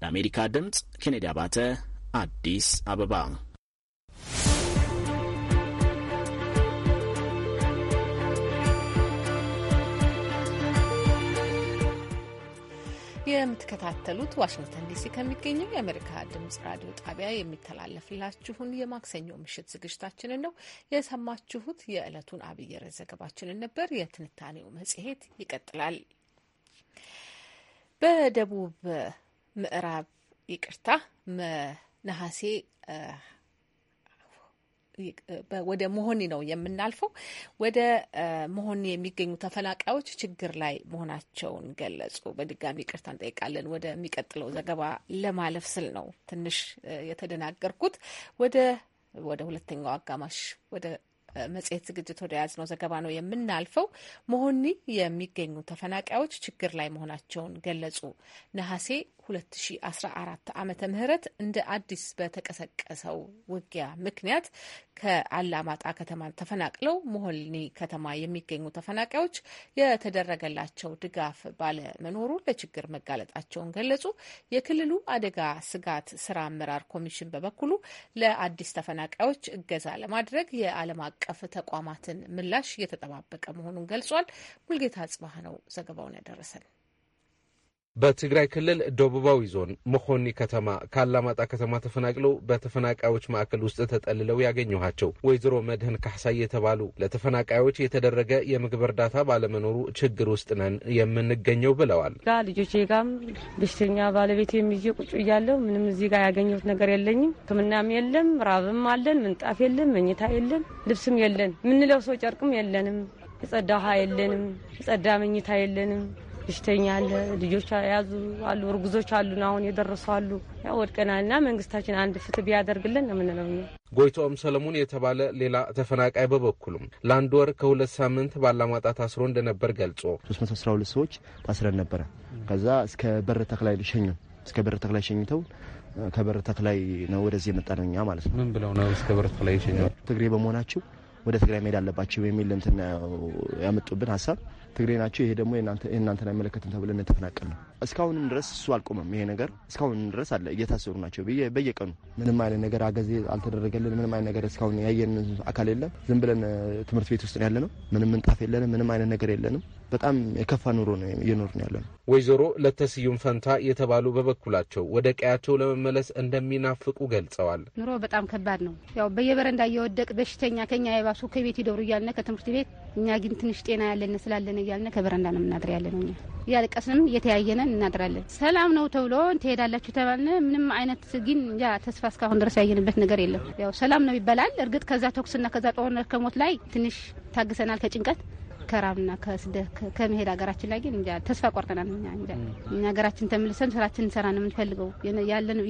ለአሜሪካ ድምጽ ኬኔዲ አባተ አዲስ አበባ የምትከታተሉት ዋሽንግተን ዲሲ ከሚገኘው የአሜሪካ ድምጽ ራዲዮ ጣቢያ የሚተላለፍላችሁን የማክሰኞ ምሽት ዝግጅታችንን ነው የሰማችሁት። የዕለቱን አብይ ርዕስ ዘገባችንን ነበር። የትንታኔው መጽሔት ይቀጥላል። በደቡብ ምዕራብ ይቅርታ ነሐሴ ወደ መሆኒ ነው የምናልፈው። ወደ መሆኒ የሚገኙ ተፈናቃዮች ችግር ላይ መሆናቸውን ገለጹ። በድጋሚ ይቅርታ እንጠይቃለን። ወደሚቀጥለው ዘገባ ለማለፍ ስል ነው ትንሽ የተደናገርኩት። ወደ ወደ ሁለተኛው አጋማሽ ወደ መጽሔት ዝግጅት ወደ ያዝነው ዘገባ ነው የምናልፈው። መሆኒ የሚገኙ ተፈናቃዮች ችግር ላይ መሆናቸውን ገለጹ። ነሐሴ 2014 ዓመተ ምህረት እንደ አዲስ በተቀሰቀሰው ውጊያ ምክንያት ከአላማጣ ከተማ ተፈናቅለው መሆኒ ከተማ የሚገኙ ተፈናቃዮች የተደረገላቸው ድጋፍ ባለመኖሩ ለችግር መጋለጣቸውን ገለጹ። የክልሉ አደጋ ስጋት ስራ አመራር ኮሚሽን በበኩሉ ለአዲስ ተፈናቃዮች እገዛ ለማድረግ የዓለም አቀፍ ተቋማትን ምላሽ እየተጠባበቀ መሆኑን ገልጿል። ሙልጌታ ጽባህ ነው ዘገባውን ያደረሰን። በትግራይ ክልል ደቡባዊ ዞን መኾኒ ከተማ ከአላማጣ ከተማ ተፈናቅለው በተፈናቃዮች ማዕከል ውስጥ ተጠልለው ያገኘኋቸው ወይዘሮ መድህን ካሕሳይ የተባሉ ለተፈናቃዮች የተደረገ የምግብ እርዳታ ባለመኖሩ ችግር ውስጥ ነን የምንገኘው ብለዋል። ጋ ልጆቼ ጋም በሽተኛ ባለቤት የሚዜ ቁጭ እያለሁ ምንም እዚህ ጋር ያገኘሁት ነገር የለኝም። ሕክምናም የለም፣ ራብም አለን፣ ምንጣፍ የለም፣ መኝታ የለም፣ ልብስም የለን፣ ሰው ጨርቅም የለንም፣ የጸዳ ውሃ የለንም፣ የጸዳ መኝታ የለንም። በሽተኛ አለ፣ ልጆች ያዙ አሉ፣ እርጉዞች አሉን፣ አሁን የደረሱ አሉ። ያው እና መንግስታችን አንድ ፍትህ ቢያደርግልን ነው የምንለው። ጎይቶም ሰለሞን የተባለ ሌላ ተፈናቃይ በበኩሉም ለአንድ ወር ከሁለት ሳምንት ባላማጣ ታስሮ እንደነበር ገልጾ 312 ሰዎች ታስረን ነበረ። ከዛ እስከ በር ተክላይ ሸኙ እስከ በር ተክላይ ሸኝተው ከበር ተክላይ ነው ወደዚህ የመጣ ነው እኛ ማለት ነው። ምን ብለው ነው እስከ በር ተክላይ ሸኙ? ትግሬ በመሆናቸው ወደ ትግራይ መሄድ አለባቸው የሚል እንትን ያመጡብን ሀሳብ ትግሬ ናቸው፣ ይሄ ደግሞ የእናንተን አይመለከትም ተብለን የተፈናቀል ነው። እስካሁንም ድረስ እሱ አልቆመም። ይሄ ነገር እስካሁንም ድረስ አለ፣ እየታሰሩ ናቸው በየቀኑ። ምንም አይነት ነገር አገዜ አልተደረገልን። ምንም አይነት ነገር እስካሁን ያየን አካል የለም። ዝም ብለን ትምህርት ቤት ውስጥ ያለ ነው። ምንም ምንጣፍ የለንም። ምንም አይነት ነገር የለንም። በጣም የከፋ ኑሮ ነው እየኖር ነው ያለ ነው። ወይዘሮ ለተስዩም ፈንታ የተባሉ በበኩላቸው ወደ ቀያቸው ለመመለስ እንደሚናፍቁ ገልጸዋል። ኑሮ በጣም ከባድ ነው። ያው በየበረንዳ እየወደቅ በሽተኛ ከኛ የባሱ ከቤት ይደሩ እያልነ ከትምህርት ቤት እኛ ግን ትንሽ ጤና ያለን ስላለን እያልነ ከበረንዳ ነው የምናድር ያለ ነው እኛ እያለቀስንም እየተያየነ ብለን እናድራለን። ሰላም ነው ተብሎ ትሄዳላችሁ ተባልን። ምንም አይነት ግን ያ ተስፋ እስካሁን ድረስ ያየንበት ነገር የለም። ያው ሰላም ነው ይባላል። እርግጥ ከዛ ተኩስና ከዛ ጦርነት ከሞት ላይ ትንሽ ታግሰናል ከጭንቀት ከመከራና ከስደት ከመሄድ ሀገራችን ላይ ግን እንጃ ተስፋ ቆርጠናል። እኛ እንጃ እኛ ሀገራችን ተመልሰን ስራችን እንሰራ ነው የምንፈልገው።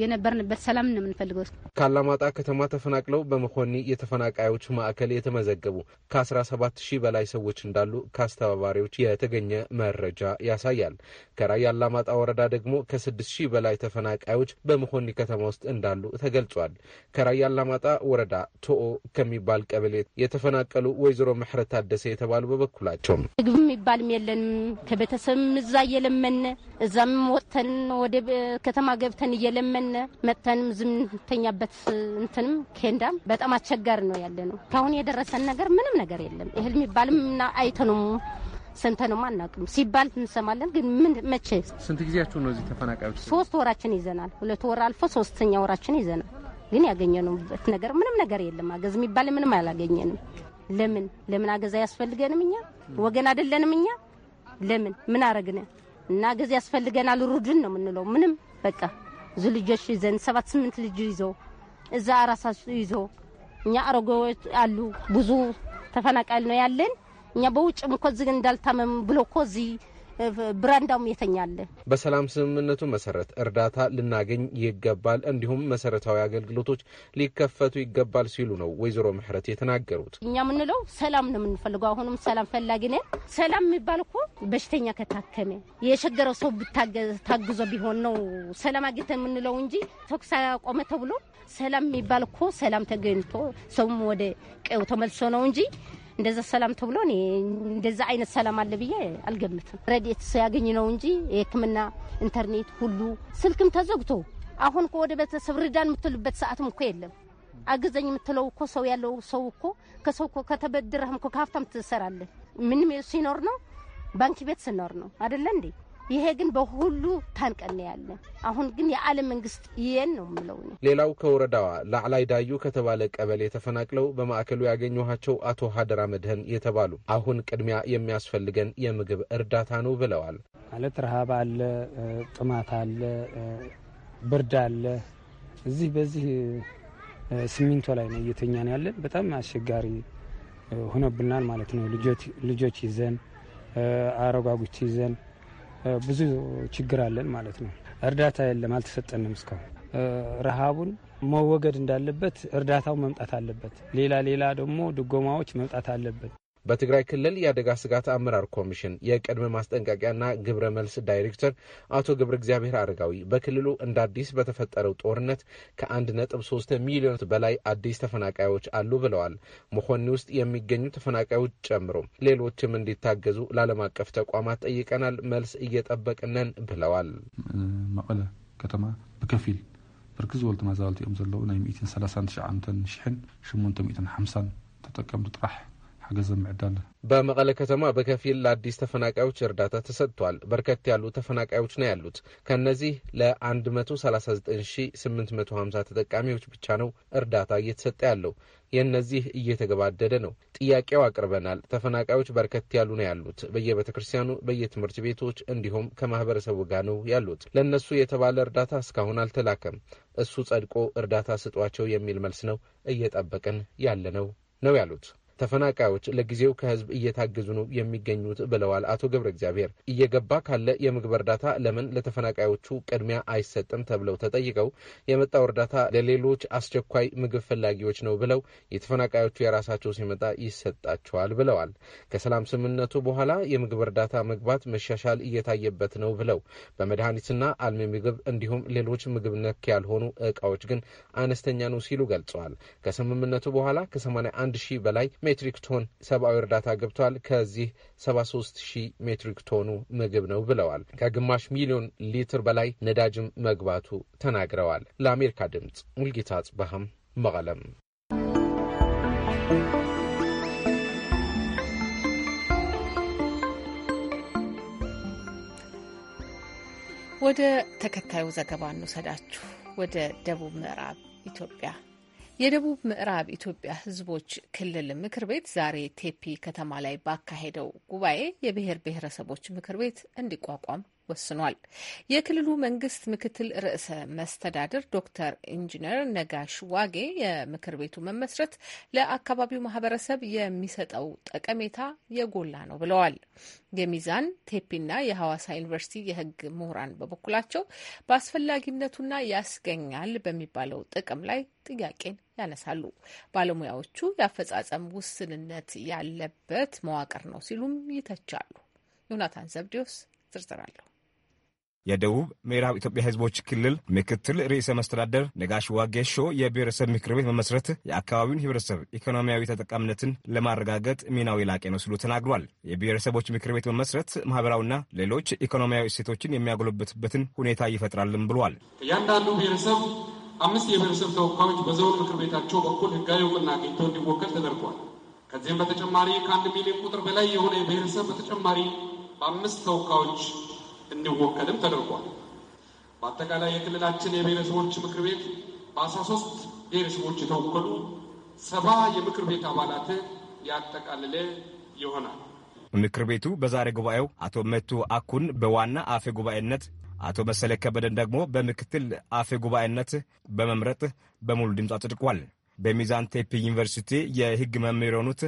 የነበርንበት ሰላም ነው የምንፈልገው። ካላማጣ ከተማ ተፈናቅለው በመኮኒ የተፈናቃዮች ማዕከል የተመዘገቡ ከ17 ሺህ በላይ ሰዎች እንዳሉ ከአስተባባሪዎች የተገኘ መረጃ ያሳያል። ከራያ አላማጣ ወረዳ ደግሞ ከ6 ሺህ በላይ ተፈናቃዮች በመኮኒ ከተማ ውስጥ እንዳሉ ተገልጿል። ከራያ አላማጣ ወረዳ ቶኦ ከሚባል ቀበሌ የተፈናቀሉ ወይዘሮ ምሕረት ታደሰ የተባሉ በበኩል አላቸውም። ምግብ የሚባልም የለንም። ከቤተሰብም እዛ እየለመነ እዛም ወጥተን ወደ ከተማ ገብተን እየለመነ መጥተንም ዝምተኛበት እንትንም ኬንዳም በጣም አስቸጋሪ ነው ያለ ነው። ከአሁን የደረሰን ነገር ምንም ነገር የለም። እህል የሚባልም አይተኑም ሰንተንም አናውቅም ሲባል እንሰማለን። ግን ምን መቼ ስንት ጊዜያችሁ ነው እዚህ ተፈናቃዮች? ሶስት ወራችን ይዘናል። ሁለት ወር አልፎ ሶስተኛ ወራችን ይዘናል። ግን ያገኘንበት ነገር ምንም ነገር የለም። አገዝ የሚባል ምንም አላገኘንም። ለምን ለምን አገዛ ያስፈልገንም? እኛ ወገን አይደለንም? እኛ ለምን ምን አረግነ እና አገዛ ያስፈልገናል፣ ሩድን ነው የምንለው። ምንም በቃ ብዙ ልጆች ይዘን ሰባት ስምንት ልጅ ይዞ እዛ አራሳሱ ይዞ እኛ አረጎች አሉ ብዙ ተፈናቃይ ነው ያለን እኛ በውጭ እኮ እዚህ እንዳልታመም ብሎ እኮ እዚህ ብራንዳውም የተኛለ። በሰላም ስምምነቱ መሰረት እርዳታ ልናገኝ ይገባል፣ እንዲሁም መሰረታዊ አገልግሎቶች ሊከፈቱ ይገባል ሲሉ ነው ወይዘሮ ምህረት የተናገሩት። እኛ የምንለው ሰላም ነው የምንፈልገው። አሁንም ሰላም ፈላጊ ነን። ሰላም የሚባል እኮ በሽተኛ ከታከመ የቸገረው ሰው ታግዞ ቢሆን ነው ሰላም አግኝተን የምንለው እንጂ ተኩስ አቆመ ተብሎ ሰላም የሚባል እኮ ሰላም ተገኝቶ ሰውም ወደ ቀው ተመልሶ ነው እንጂ እንደዛ ሰላም ተብሎ እኔ እንደዛ አይነት ሰላም አለ ብዬ አልገምትም። ረድኤት ሲያገኝ ነው እንጂ የህክምና ኢንተርኔት፣ ሁሉ ስልክም ተዘግቶ አሁን እኮ ወደ ቤተሰብ ርዳን የምትልበት ሰዓትም እኮ የለም። አግዘኝ የምትለው እኮ ሰው ያለው ሰው እኮ ከሰው እኮ ከተበድረህም እኮ ከሀብታም ትሰራለህ። ምንም ሲኖር ነው ባንክ ቤት ስኖር ነው አደለ እንዴ? ይሄ ግን በሁሉ ታንቀን ያለ አሁን ግን የዓለም መንግስት ይሄን ነው የምለው። ሌላው ከወረዳዋ ላዕላይ ዳዩ ከተባለ ቀበሌ ተፈናቅለው በማዕከሉ ያገኘኋቸው አቶ ሀደራ መድህን የተባሉ አሁን ቅድሚያ የሚያስፈልገን የምግብ እርዳታ ነው ብለዋል። ማለት ረሃብ አለ፣ ጥማት አለ፣ ብርድ አለ። እዚህ በዚህ ሲሚንቶ ላይ ነው ነው ያለን። በጣም አስቸጋሪ ሆነብናል ማለት ነው። ልጆች ይዘን አረጓጉች ይዘን ብዙ ችግር አለን ማለት ነው። እርዳታ የለም፣ አልተሰጠንም እስካሁን። ረሃቡን መወገድ እንዳለበት እርዳታው መምጣት አለበት። ሌላ ሌላ ደግሞ ድጎማዎች መምጣት አለበት። በትግራይ ክልል የአደጋ ስጋት አመራር ኮሚሽን የቅድመ ማስጠንቀቂያና ግብረ መልስ ዳይሬክተር አቶ ገብረ እግዚአብሔር አረጋዊ በክልሉ እንደ አዲስ በተፈጠረው ጦርነት ከ1.3 ሚሊዮን በላይ አዲስ ተፈናቃዮች አሉ ብለዋል። መኮኒ ውስጥ የሚገኙ ተፈናቃዮች ጨምሮ ሌሎችም እንዲታገዙ ለዓለም አቀፍ ተቋማት ጠይቀናል። መልስ እየጠበቅነን ብለዋል። መቀለ ከተማ ብከፊል ብርክዝ ዝበሉ ተመዛበልቲ እዮም ዘለዉ ናይ 131 ሽሕን 850 ተጠቀምቲ ጥራሕ ሓገዝ ምዕዳል በመቀለ ከተማ በከፊል ለአዲስ ተፈናቃዮች እርዳታ ተሰጥቷል። በርከት ያሉ ተፈናቃዮች ነው ያሉት። ከእነዚህ ለ139850 ተጠቃሚዎች ብቻ ነው እርዳታ እየተሰጠ ያለው። የእነዚህ እየተገባደደ ነው። ጥያቄው አቅርበናል። ተፈናቃዮች በርከት ያሉ ነው ያሉት። በየቤተ ክርስቲያኑ፣ በየትምህርት ቤቶች እንዲሁም ከማህበረሰቡ ጋር ነው ያሉት። ለእነሱ የተባለ እርዳታ እስካሁን አልተላከም። እሱ ጸድቆ እርዳታ ስጧቸው የሚል መልስ ነው እየጠበቅን ያለ ነው ነው ያሉት ተፈናቃዮች ለጊዜው ከህዝብ እየታገዙ ነው የሚገኙት ብለዋል አቶ ገብረ እግዚአብሔር። እየገባ ካለ የምግብ እርዳታ ለምን ለተፈናቃዮቹ ቅድሚያ አይሰጥም ተብለው ተጠይቀው የመጣው እርዳታ ለሌሎች አስቸኳይ ምግብ ፈላጊዎች ነው ብለው የተፈናቃዮቹ የራሳቸው ሲመጣ ይሰጣቸዋል ብለዋል። ከሰላም ስምምነቱ በኋላ የምግብ እርዳታ መግባት መሻሻል እየታየበት ነው ብለው በመድኃኒትና አልሚ ምግብ እንዲሁም ሌሎች ምግብ ነክ ያልሆኑ እቃዎች ግን አነስተኛ ነው ሲሉ ገልጸዋል። ከስምምነቱ በኋላ ከ81 ሺህ በላይ ሜትሪክ ቶን ሰብአዊ እርዳታ ገብቷል። ከዚህ 73 ሺህ ሜትሪክ ቶኑ ምግብ ነው ብለዋል። ከግማሽ ሚሊዮን ሊትር በላይ ነዳጅም መግባቱ ተናግረዋል። ለአሜሪካ ድምፅ ሙልጌታ አጽባሃም መቀለም ወደ ተከታዩ ዘገባ እንውሰዳችሁ። ወደ ደቡብ ምዕራብ ኢትዮጵያ የደቡብ ምዕራብ ኢትዮጵያ ሕዝቦች ክልል ምክር ቤት ዛሬ ቴፒ ከተማ ላይ ባካሄደው ጉባኤ የብሔር ብሔረሰቦች ምክር ቤት እንዲቋቋም ወስኗል። የክልሉ መንግስት ምክትል ርዕሰ መስተዳድር ዶክተር ኢንጂነር ነጋሽ ዋጌ የምክር ቤቱ መመስረት ለአካባቢው ማህበረሰብ የሚሰጠው ጠቀሜታ የጎላ ነው ብለዋል። የሚዛን ቴፒና የሐዋሳ ዩኒቨርሲቲ የህግ ምሁራን በበኩላቸው በአስፈላጊነቱና ያስገኛል በሚባለው ጥቅም ላይ ጥያቄን ያነሳሉ። ባለሙያዎቹ የአፈጻጸም ውስንነት ያለበት መዋቅር ነው ሲሉም ይተቻሉ። ዮናታን ዘብዴዎስ ዝርዝራለሁ። የደቡብ ምዕራብ ኢትዮጵያ ሕዝቦች ክልል ምክትል ርዕሰ መስተዳደር ነጋሽ ዋጌሾ የብሔረሰብ ምክር ቤት መመስረት የአካባቢውን ሕብረተሰብ ኢኮኖሚያዊ ተጠቃሚነትን ለማረጋገጥ ሚናው የላቀ ነው ሲሉ ተናግሯል። የብሔረሰቦች ምክር ቤት መመስረት ማህበራዊና ሌሎች ኢኮኖሚያዊ እሴቶችን የሚያጎለብትበትን ሁኔታ ይፈጥራልም ብሏል። እያንዳንዱ ብሔረሰብ አምስት የብሔረሰብ ተወካዮች በዞን ምክር ቤታቸው በኩል ህጋዊ እውቅና አግኝቶ እንዲወከል ተደርጓል። ከዚህም በተጨማሪ ከአንድ ሚሊዮን ቁጥር በላይ የሆነ የብሔረሰብ በተጨማሪ በአምስት ተወካዮች እንዲወከልም ተደርጓል። በአጠቃላይ የክልላችን የብሔረሰቦች ምክር ቤት በአስራ ሶስት ብሔረሰቦች የተወከሉ ሰባ የምክር ቤት አባላት ያጠቃልለ ይሆናል። ምክር ቤቱ በዛሬ ጉባኤው አቶ መቱ አኩን በዋና አፈ ጉባኤነት አቶ መሰለ ከበደን ደግሞ በምክትል አፈ ጉባኤነት በመምረጥ በሙሉ ድምፅ አጽድቋል። በሚዛን ቴፒ ዩኒቨርሲቲ የህግ መምህር የሆኑት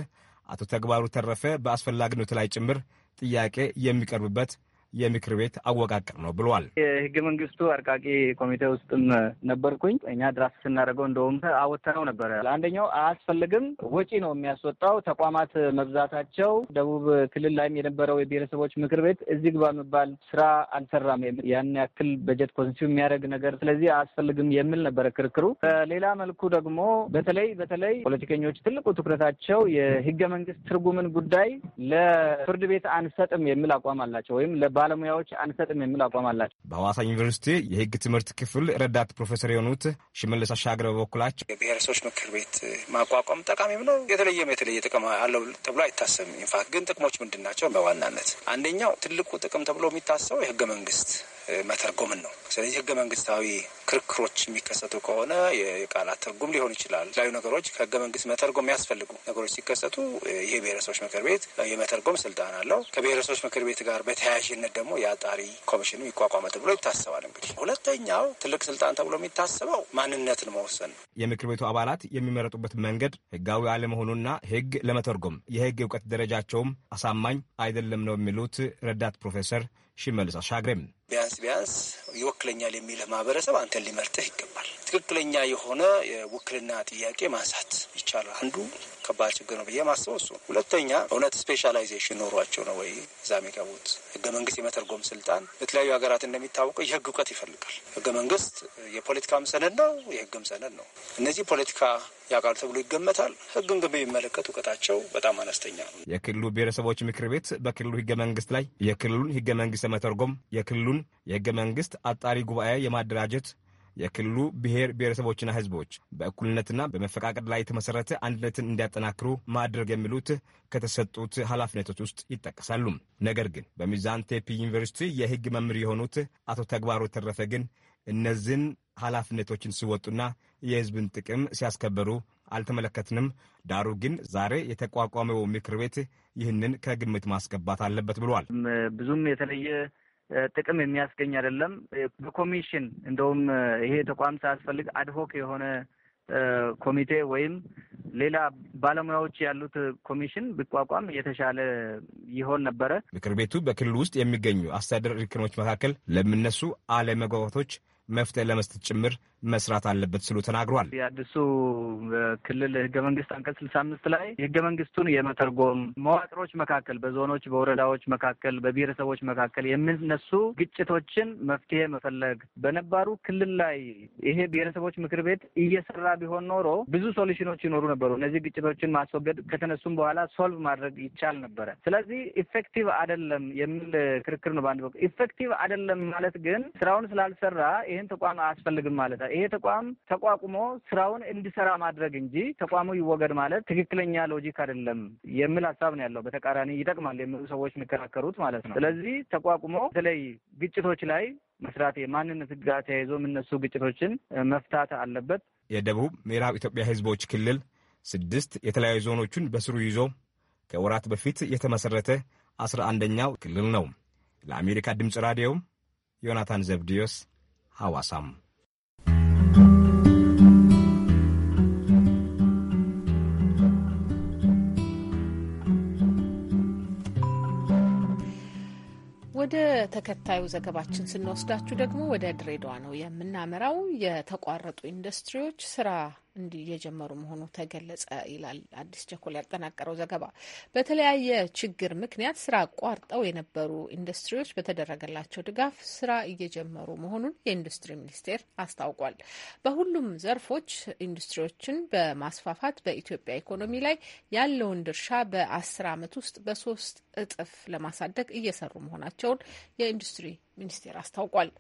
አቶ ተግባሩ ተረፈ በአስፈላጊነት ላይ ጭምር ጥያቄ የሚቀርብበት የምክር ቤት አወቃቀር ነው ብሏል። የህገ መንግስቱ አርቃቂ ኮሚቴ ውስጥም ነበርኩኝ። እኛ ድራፍት ስናደርገው እንደውም አወተነው ነበረ። አንደኛው አያስፈልግም፣ ወጪ ነው የሚያስወጣው፣ ተቋማት መብዛታቸው፣ ደቡብ ክልል ላይም የነበረው የብሔረሰቦች ምክር ቤት እዚህ ግባ የሚባል ስራ አልሰራም፣ ያን ያክል በጀት ኮንሲው የሚያደርግ ነገር፣ ስለዚህ አያስፈልግም የሚል ነበረ ክርክሩ። በሌላ መልኩ ደግሞ በተለይ በተለይ ፖለቲከኞች ትልቁ ትኩረታቸው የህገ መንግስት ትርጉምን ጉዳይ ለፍርድ ቤት አንሰጥም የሚል አቋም አላቸው ወይም ባለሙያዎች አንሰጥም የሚል አቋም አላቸው። በሐዋሳ ዩኒቨርሲቲ የህግ ትምህርት ክፍል ረዳት ፕሮፌሰር የሆኑት ሽመልስ አሻገር በበኩላቸው የብሔረሰቦች ምክር ቤት ማቋቋም ጠቃሚም ነው፣ የተለየም የተለየ ጥቅም አለው ተብሎ አይታሰብም። ኢንፋክት ግን ጥቅሞች ምንድን ናቸው? በዋናነት አንደኛው ትልቁ ጥቅም ተብሎ የሚታሰበው የህገ መንግስት መተርጎምን ነው። ስለዚህ ህገ መንግስታዊ ክርክሮች የሚከሰቱ ከሆነ የቃላት ትርጉም ሊሆን ይችላል። የተለያዩ ነገሮች ከህገ መንግስት መተርጎም የሚያስፈልጉ ነገሮች ሲከሰቱ ይሄ ብሔረሰቦች ምክር ቤት የመተርጎም ስልጣን አለው። ከብሔረሰቦች ምክር ቤት ጋር በተያያዥነት ደግሞ የአጣሪ ኮሚሽኑ ይቋቋመ ተብሎ ይታሰባል። እንግዲህ ሁለተኛው ትልቅ ስልጣን ተብሎ የሚታሰበው ማንነትን መወሰን ነው። የምክር ቤቱ አባላት የሚመረጡበት መንገድ ህጋዊ አለመሆኑና ህግ ለመተርጎም የህግ እውቀት ደረጃቸውም አሳማኝ አይደለም ነው የሚሉት ረዳት ፕሮፌሰር ሽመልስ አሻግሬም ቢያንስ ቢያንስ ይወክለኛል የሚልህ ማህበረሰብ አንተን ሊመርጥህ ይገባል። ትክክለኛ የሆነ የውክልና ጥያቄ ማንሳት ይቻላል። አንዱ ከባድ ችግር ነው ብዬ ማስበው እሱ። ሁለተኛ እውነት ስፔሻላይዜሽን ኖሯቸው ነው ወይ እዛ የሚገቡት? ህገ መንግስት የመተርጎም ስልጣን በተለያዩ ሀገራት እንደሚታወቀው የህግ እውቀት ይፈልጋል። ህገ መንግስት የፖለቲካም ሰነድ ነው፣ የህግም ሰነድ ነው። እነዚህ ፖለቲካ ያውቃሉ ተብሎ ይገመታል። ህግን ግን የሚመለከት እውቀታቸው በጣም አነስተኛ ነው። የክልሉ ብሔረሰቦች ምክር ቤት በክልሉ ህገ መንግስት ላይ የክልሉን ህገ መንግስት የመተርጎም የክልሉን የህገ መንግስት አጣሪ ጉባኤ የማደራጀት የክልሉ ብሔር ብሔረሰቦችና ህዝቦች በእኩልነትና በመፈቃቀድ ላይ የተመሰረተ አንድነትን እንዲያጠናክሩ ማድረግ የሚሉት ከተሰጡት ኃላፊነቶች ውስጥ ይጠቀሳሉ። ነገር ግን በሚዛን ቴፒ ዩኒቨርሲቲ የህግ መምህር የሆኑት አቶ ተግባሩ ተረፈ ግን እነዚህን ኃላፊነቶችን ሲወጡና የህዝብን ጥቅም ሲያስከበሩ አልተመለከትንም። ዳሩ ግን ዛሬ የተቋቋመው ምክር ቤት ይህንን ከግምት ማስገባት አለበት ብሏል። ብዙም የተለየ ጥቅም የሚያስገኝ አይደለም። በኮሚሽን እንደውም ይሄ ተቋም ሳያስፈልግ አድሆክ የሆነ ኮሚቴ ወይም ሌላ ባለሙያዎች ያሉት ኮሚሽን ቢቋቋም የተሻለ ይሆን ነበረ። ምክር ቤቱ በክልል ውስጥ የሚገኙ አስተዳደር እርከኖች መካከል ለሚነሱ አለመግባባቶች መፍትሄ ለመስጠት ጭምር መስራት አለበት ስሉ ተናግሯል። የአዲሱ ክልል ህገ መንግስት አንቀጽ ስልሳ አምስት ላይ የህገ መንግስቱን የመተርጎም መዋቅሮች መካከል በዞኖች፣ በወረዳዎች መካከል፣ በብሔረሰቦች መካከል የሚነሱ ግጭቶችን መፍትሄ መፈለግ በነባሩ ክልል ላይ ይሄ ብሔረሰቦች ምክር ቤት እየሰራ ቢሆን ኖሮ ብዙ ሶሉሽኖች ይኖሩ ነበሩ። እነዚህ ግጭቶችን ማስወገድ ከተነሱም በኋላ ሶልቭ ማድረግ ይቻል ነበረ። ስለዚህ ኢፌክቲቭ አይደለም የሚል ክርክር ነው። በአንድ በኩል ኢፌክቲቭ አይደለም ማለት ግን ስራውን ስላልሰራ ይሄ ይህን ተቋም አያስፈልግም ማለት ይሄ ተቋም ተቋቁሞ ስራውን እንዲሰራ ማድረግ እንጂ ተቋሙ ይወገድ ማለት ትክክለኛ ሎጂክ አይደለም የሚል ሀሳብ ነው ያለው። በተቃራኒ ይጠቅማል የሚሉ ሰዎች የሚከራከሩት ማለት ነው። ስለዚህ ተቋቁሞ በተለይ ግጭቶች ላይ መስራት የማንነት ጋር ተያይዞ የሚነሱ ግጭቶችን መፍታት አለበት። የደቡብ ምዕራብ ኢትዮጵያ ህዝቦች ክልል ስድስት የተለያዩ ዞኖቹን በስሩ ይዞ ከወራት በፊት የተመሰረተ አስራ አንደኛው ክልል ነው። ለአሜሪካ ድምፅ ራዲዮ ዮናታን ዘብዲዮስ ሐዋሳም ወደ ተከታዩ ዘገባችን ስንወስዳችሁ ደግሞ ወደ ድሬዳዋ ነው የምናመራው። የተቋረጡ ኢንዱስትሪዎች ስራ እንዲህ የጀመሩ መሆኑ ተገለጸ ይላል አዲስ ቸኮል ያጠናቀረው ዘገባ። በተለያየ ችግር ምክንያት ስራ አቋርጠው የነበሩ ኢንዱስትሪዎች በተደረገላቸው ድጋፍ ስራ እየጀመሩ መሆኑን የኢንዱስትሪ ሚኒስቴር አስታውቋል። በሁሉም ዘርፎች ኢንዱስትሪዎችን በማስፋፋት በኢትዮጵያ ኢኮኖሚ ላይ ያለውን ድርሻ በአስር ዓመት ውስጥ በሶስት እጥፍ ለማሳደግ እየሰሩ መሆናቸውን የኢንዱስትሪ ሚኒስቴር አስታውቋል።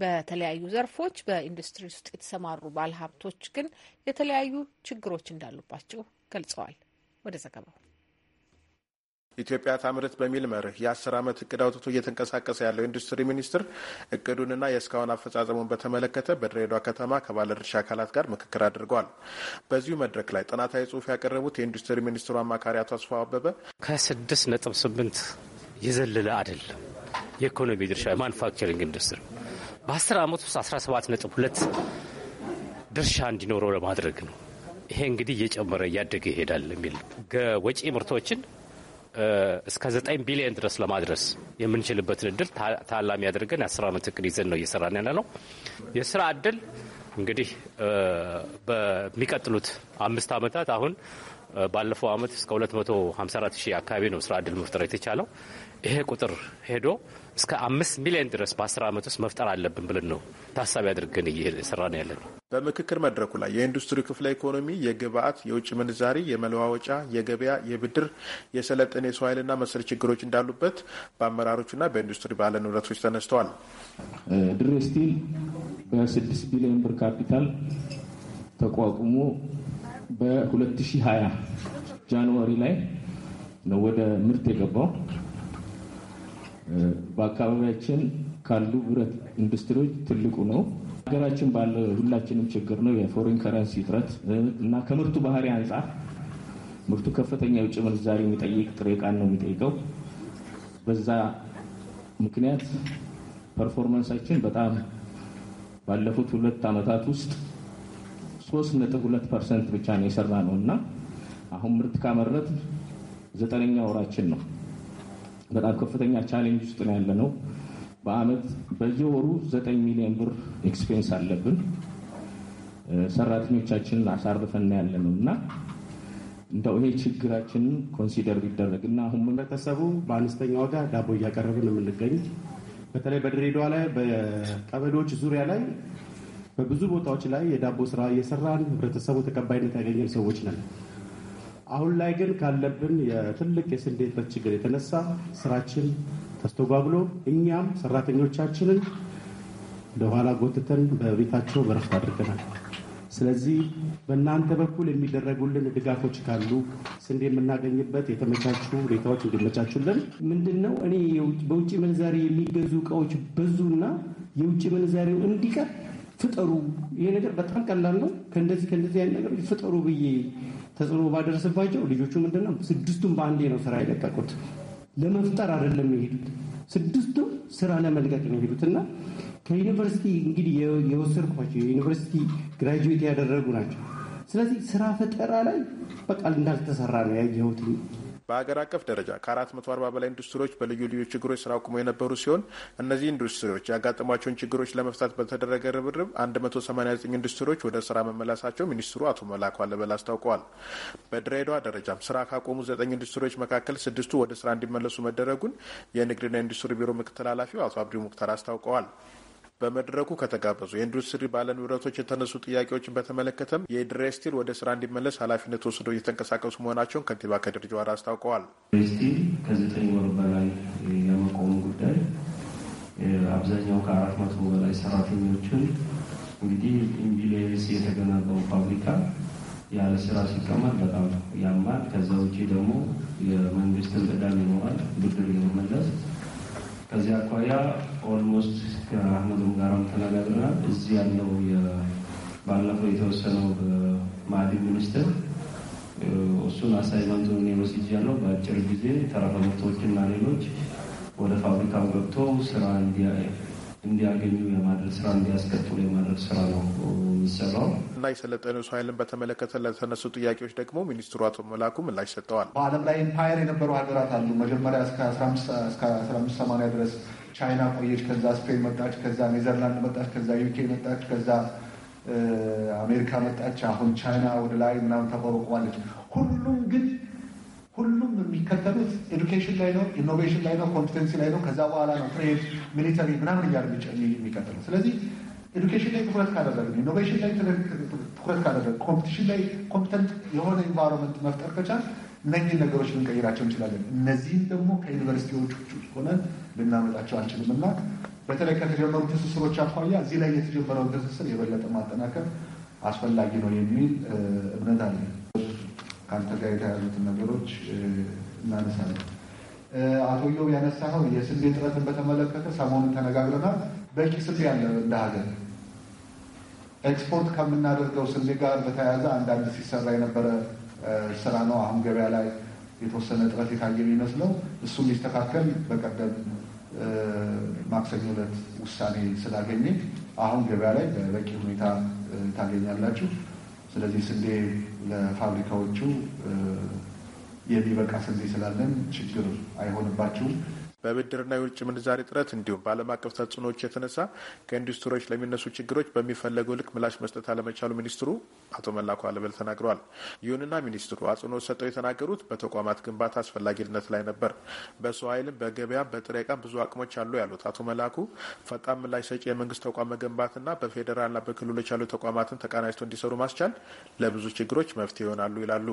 በተለያዩ ዘርፎች በኢንዱስትሪ ውስጥ የተሰማሩ ባለሀብቶች ግን የተለያዩ ችግሮች እንዳሉባቸው ገልጸዋል። ወደ ዘገባው ኢትዮጵያ ታምርት በሚል መርህ የአስር ዓመት እቅድ አውጥቶ እየተንቀሳቀሰ ያለው ኢንዱስትሪ ሚኒስቴር እቅዱንና የእስካሁን አፈጻጸሙን በተመለከተ በድሬዳዋ ከተማ ከባለድርሻ አካላት ጋር ምክክር አድርገዋል። በዚሁ መድረክ ላይ ጥናታዊ ጽሑፍ ያቀረቡት የኢንዱስትሪ ሚኒስትሩ አማካሪ አቶ አስፋው አበበ ከስድስት ነጥብ ስምንት የዘለለ አይደለም የኢኮኖሚ ድርሻ ማኑፋክቸሪንግ ኢንዱስትሪ በ10 ዓመት ውስጥ 17 ነጥብ ሁለት ድርሻ እንዲኖረው ለማድረግ ነው። ይሄ እንግዲህ እየጨመረ እያደገ ይሄዳል የሚል ወጪ ምርቶችን እስከ 9 ቢሊዮን ድረስ ለማድረስ የምንችልበትን እድል ታላሚ ያደርገን የአስር ዓመት እቅድ ይዘን ነው እየሰራን ያለ ነው። የስራ እድል እንግዲህ በሚቀጥሉት አምስት ዓመታት አሁን ባለፈው አመት እስከ 254 ሺህ አካባቢ ነው ስራ እድል መፍጠር የተቻለው። ይሄ ቁጥር ሄዶ እስከ አምስት ሚሊዮን ድረስ በአስር ዓመት ውስጥ መፍጠር አለብን ብለን ነው ታሳቢ አድርገን እየሰራ ነው ያለ በምክክር መድረኩ ላይ የኢንዱስትሪ ክፍለ ኢኮኖሚ፣ የግብአት፣ የውጭ ምንዛሪ፣ የመለዋወጫ፣ የገበያ፣ የብድር፣ የሰለጠነ የሰው ኃይልና መሰል ችግሮች እንዳሉበት በአመራሮችና በኢንዱስትሪ ባለ ንብረቶች ተነስተዋል። ድሬ ስቲል በስድስት ቢሊዮን ብር ካፒታል ተቋቁሞ በ2020 ጃንዋሪ ላይ ነው ወደ ምርት የገባው። በአካባቢያችን ካሉ ብረት ኢንዱስትሪዎች ትልቁ ነው። ሀገራችን ባለ ሁላችንም ችግር ነው፣ የፎሬን ከረንሲ እጥረት እና ከምርቱ ባህሪ አንጻር ምርቱ ከፍተኛ የውጭ ምንዛሪ የሚጠይቅ ጥሬ ዕቃን ነው የሚጠይቀው። በዛ ምክንያት ፐርፎርማንሳችን በጣም ባለፉት ሁለት ዓመታት ውስጥ ሶስት ነጥብ ሁለት ፐርሰንት ብቻ ነው የሰራ ነው እና አሁን ምርት ካመረት ዘጠነኛ ወራችን ነው። በጣም ከፍተኛ ቻሌንጅ ውስጥ ነው ያለ ነው። በአመት በየወሩ ዘጠኝ ሚሊዮን ብር ኤክስፔንስ አለብን። ሰራተኞቻችንን አሳርፈን ያለ ነው እና እንደው ይሄ ችግራችንን ኮንሲደር ቢደረግ እና አሁን ህብረተሰቡ በአነስተኛ ዋጋ ዳቦ እያቀረብን የምንገኝ በተለይ በድሬዳዋ ላይ በቀበሌዎች ዙሪያ ላይ በብዙ ቦታዎች ላይ የዳቦ ስራ እየሰራን ህብረተሰቡ ተቀባይነት ያገኘን ሰዎች ነን። አሁን ላይ ግን ካለብን የትልቅ የስንዴ እጥረት ችግር የተነሳ ስራችን ተስተጓጉሎ እኛም ሰራተኞቻችንን ለኋላ ጎትተን በቤታቸው በረፍት አድርገናል። ስለዚህ በእናንተ በኩል የሚደረጉልን ድጋፎች ካሉ ስንዴ የምናገኝበት የተመቻቹ ሁኔታዎች እንዲመቻቹልን። ምንድን ነው እኔ በውጭ ምንዛሬ የሚገዙ እቃዎች በዙና የውጭ ምንዛሬው እንዲቀር ፍጠሩ፣ ይሄ ነገር በጣም ቀላል ነው፣ ከእንደዚህ ከእንደዚህ አይነት ነገር ፍጠሩ ብዬ ተጽዕኖ ባደረስባቸው ልጆቹ ምንድነው ስድስቱም በአንዴ ነው ስራ የለቀቁት። ለመፍጠር አይደለም የሄዱት፣ ስድስቱም ስራ ለመልቀቅ ነው የሄዱት እና ከዩኒቨርሲቲ እንግዲህ የወሰድኳቸው የዩኒቨርሲቲ ግራጁዌት ያደረጉ ናቸው። ስለዚህ ስራ ፈጠራ ላይ በቃል እንዳልተሰራ ነው ያየሁት። በሀገር አቀፍ ደረጃ ከ አርባ በላይ ኢንዱስትሪዎች በልዩ ልዩ ችግሮች ስራ አቁመው የነበሩ ሲሆን እነዚህ ኢንዱስትሪዎች ያጋጠሟቸውን ችግሮች ለመፍታት በተደረገ ርብርብ 189 ኢንዱስትሪዎች ወደ ስራ መመለሳቸው ሚኒስትሩ አቶ መላኩ አለበል አስታውቀዋል። በድሬዳዋ ደረጃም ስራ ካቆሙ ዘጠኝ ኢንዱስትሪዎች መካከል ስድስቱ ወደ ስራ እንዲመለሱ መደረጉን የንግድና ኢንዱስትሪ ቢሮ ምክትል ኃላፊው አቶ አብዲ ሙክተር አስታውቀዋል። በመድረኩ ከተጋበዙ የኢንዱስትሪ ባለንብረቶች የተነሱ ጥያቄዎችን በተመለከተም የድሬ ስቲል ወደ ስራ እንዲመለስ ኃላፊነት ወስዶ እየተንቀሳቀሱ መሆናቸውን ከንቲባ ከድር ጀዋር አስታውቀዋል። ስቲል ከዘጠኝ ወር በላይ የመቆሙ ጉዳይ አብዛኛው ከአራት መቶ በላይ ሰራተኞችን እንግዲህ ኢምቢሌንስ የተገነባው ፋብሪካ ያለ ስራ ሲቀመጥ በጣም ያማል። ከዛ ውጭ ደግሞ የመንግስትን ቅዳም ይኖራል ብድር የመመለስ ከዚህ አኳያ ኦልሞስት ከአህመዱም ጋራም ተነጋግረናል። እዚህ ያለው ባለፈው የተወሰነው በማዕድን ሚኒስትር እሱን አሳይመንቱን እኔ ያለው በአጭር ጊዜ ተረፈ ምርቶችና ሌሎች ወደ ፋብሪካው ገብቶ ስራ እንዲያ እንዲያገኙ የማድረግ ስራ እንዲያስቀጥሉ የማድረግ ስራ ነው የሚሰራው እና የሰለጠነ ሰው ኃይልን በተመለከተ ለተነሱ ጥያቄዎች ደግሞ ሚኒስትሩ አቶ መላኩ ምላሽ ሰጥተዋል። በዓለም ላይ ኢምፓየር የነበሩ ሀገራት አሉ። መጀመሪያ እስከ አስራ አምስት ሰማንያ ድረስ ቻይና ቆየች፣ ከዛ ስፔን መጣች፣ ከዛ ኔዘርላንድ መጣች፣ ከዛ ዩኬ መጣች፣ ከዛ አሜሪካ መጣች። አሁን ቻይና ወደ ላይ ምናምን ተቆርቋለች። ሁሉም ግን ሁሉም የሚከተሉት ኤዱኬሽን ላይ ነው፣ ኢኖቬሽን ላይ ነው፣ ኮንፊደንስ ላይ ነው። ከዛ በኋላ ነው ትሬድ፣ ሚሊተሪ ምናምን እያሉ የሚቀጥለው። ስለዚህ ኤዱኬሽን ላይ ትኩረት ካደረግን፣ ኢኖቬሽን ላይ ትኩረት ካደረግን፣ ኮምፒቲሽን ላይ ኮምፒተንት የሆነ ኢንቫይሮንመንት መፍጠር ከቻል እነኚህ ነገሮች ልንቀይራቸው እንችላለን። እነዚህም ደግሞ ከዩኒቨርሲቲዎች ውጭ ሆነን ልናመጣቸው አንችልም እና በተለይ ከተጀመሩ ትስስሮች አኳያ እዚህ ላይ የተጀመረውን ትስስር የበለጠ ማጠናከር አስፈላጊ ነው የሚል እምነት አለ። ከአንተ ጋር የተያዙትን ነገሮች እናነሳለን። አቶ ዮብ ያነሳኸው የስንዴ እጥረትን በተመለከተ ሰሞኑን ተነጋግረናል። በቂ ስንዴ አለ እንደ ሀገር። ኤክስፖርት ከምናደርገው ስንዴ ጋር በተያያዘ አንዳንድ ሲሰራ የነበረ ስራ ነው። አሁን ገበያ ላይ የተወሰነ እጥረት የታየ የሚመስለው እሱ ሊስተካከል በቀደም ማክሰኞ ዕለት ውሳኔ ስላገኘ አሁን ገበያ ላይ በበቂ ሁኔታ ታገኛላችሁ። ስለዚህ ስንዴ ለፋብሪካዎቹ የሚበቃ ስንዴ ስላለን ችግር አይሆንባቸውም በብድርና የውጭ ምንዛሬ እጥረት እንዲሁም በዓለም አቀፍ ተጽዕኖዎች የተነሳ ከኢንዱስትሪዎች ለሚነሱ ችግሮች በሚፈለገው ልክ ምላሽ መስጠት አለመቻሉ ሚኒስትሩ አቶ መላኩ አለበል ተናግረዋል። ይሁንና ሚኒስትሩ አጽንኦት ሰጠው የተናገሩት በተቋማት ግንባታ አስፈላጊነት ላይ ነበር። በሰው ኃይልም በገበያም በጥሬ ዕቃም ብዙ አቅሞች አሉ ያሉት አቶ መላኩ ፈጣን ምላሽ ሰጪ የመንግስት ተቋም መገንባትና በፌዴራልና በክልሎች ያሉ ተቋማትን ተቀናጅቶ እንዲሰሩ ማስቻል ለብዙ ችግሮች መፍትሄ ይሆናሉ ይላሉ።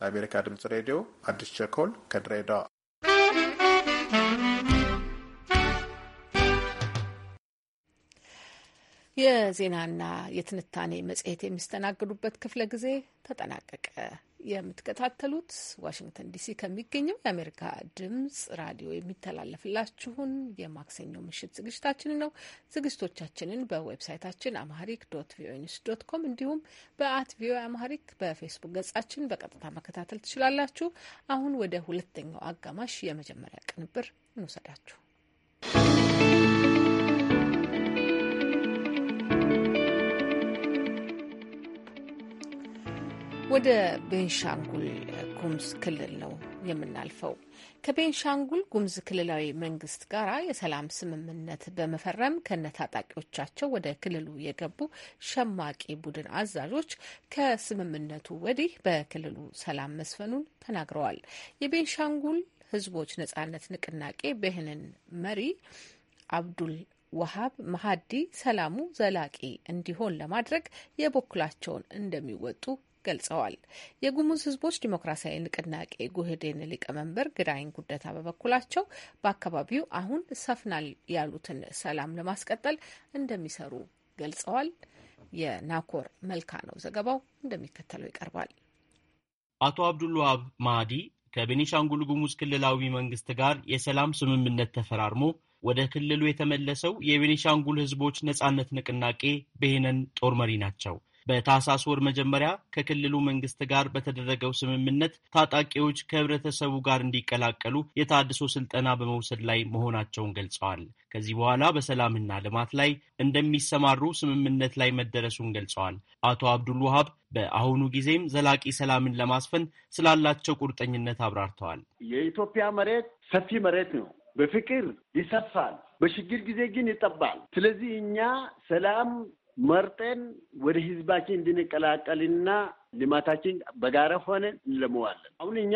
ለአሜሪካ ድምጽ ሬዲዮ አዲስ ቸኮል ከድሬዳዋ የዜናና የትንታኔ መጽሔት የሚስተናገዱበት ክፍለ ጊዜ ተጠናቀቀ። የምትከታተሉት ዋሽንግተን ዲሲ ከሚገኘው የአሜሪካ ድምጽ ራዲዮ የሚተላለፍላችሁን የማክሰኞ ምሽት ዝግጅታችንን ነው። ዝግጅቶቻችንን በዌብሳይታችን አማሪክ ዶት ቪኦኤ ኒውስ ዶት ኮም እንዲሁም በአት ቪኦኤ አማሪክ በፌስቡክ ገጻችን በቀጥታ መከታተል ትችላላችሁ። አሁን ወደ ሁለተኛው አጋማሽ የመጀመሪያ ቅንብር እንውሰዳችሁ። ወደ ቤንሻንጉል ጉሙዝ ክልል ነው የምናልፈው። ከቤንሻንጉል ጉሙዝ ክልላዊ መንግስት ጋር የሰላም ስምምነት በመፈረም ከነታጣቂዎቻቸው ወደ ክልሉ የገቡ ሸማቂ ቡድን አዛዦች ከስምምነቱ ወዲህ በክልሉ ሰላም መስፈኑን ተናግረዋል። የቤንሻንጉል ህዝቦች ነጻነት ንቅናቄ ብህንን መሪ አብዱል ወሃብ መሀዲ ሰላሙ ዘላቂ እንዲሆን ለማድረግ የበኩላቸውን እንደሚወጡ ገልጸዋል። የጉሙዝ ህዝቦች ዲሞክራሲያዊ ንቅናቄ ጉህዴን ሊቀመንበር ግዳይን ጉደታ በበኩላቸው በአካባቢው አሁን ሰፍናል ያሉትን ሰላም ለማስቀጠል እንደሚሰሩ ገልጸዋል። የናኮር መልካ ነው ዘገባው፣ እንደሚከተለው ይቀርባል። አቶ አብዱልዋሃብ ማዲ ከቤኒሻንጉል ጉሙዝ ክልላዊ መንግስት ጋር የሰላም ስምምነት ተፈራርሞ ወደ ክልሉ የተመለሰው የቤኒሻንጉል ህዝቦች ነጻነት ንቅናቄ ብሄነን ጦር መሪ ናቸው። በታህሳስ ወር መጀመሪያ ከክልሉ መንግስት ጋር በተደረገው ስምምነት ታጣቂዎች ከህብረተሰቡ ጋር እንዲቀላቀሉ የታድሶ ስልጠና በመውሰድ ላይ መሆናቸውን ገልጸዋል። ከዚህ በኋላ በሰላምና ልማት ላይ እንደሚሰማሩ ስምምነት ላይ መደረሱን ገልጸዋል። አቶ አብዱል ውሃብ በአሁኑ ጊዜም ዘላቂ ሰላምን ለማስፈን ስላላቸው ቁርጠኝነት አብራርተዋል። የኢትዮጵያ መሬት ሰፊ መሬት ነው። በፍቅር ይሰፋል፣ በችግር ጊዜ ግን ይጠባል። ስለዚህ እኛ ሰላም መርጠን ወደ ህዝባችን እንድንቀላቀልና ልማታችን በጋራ ሆነን እንለመዋለን። አሁን እኛ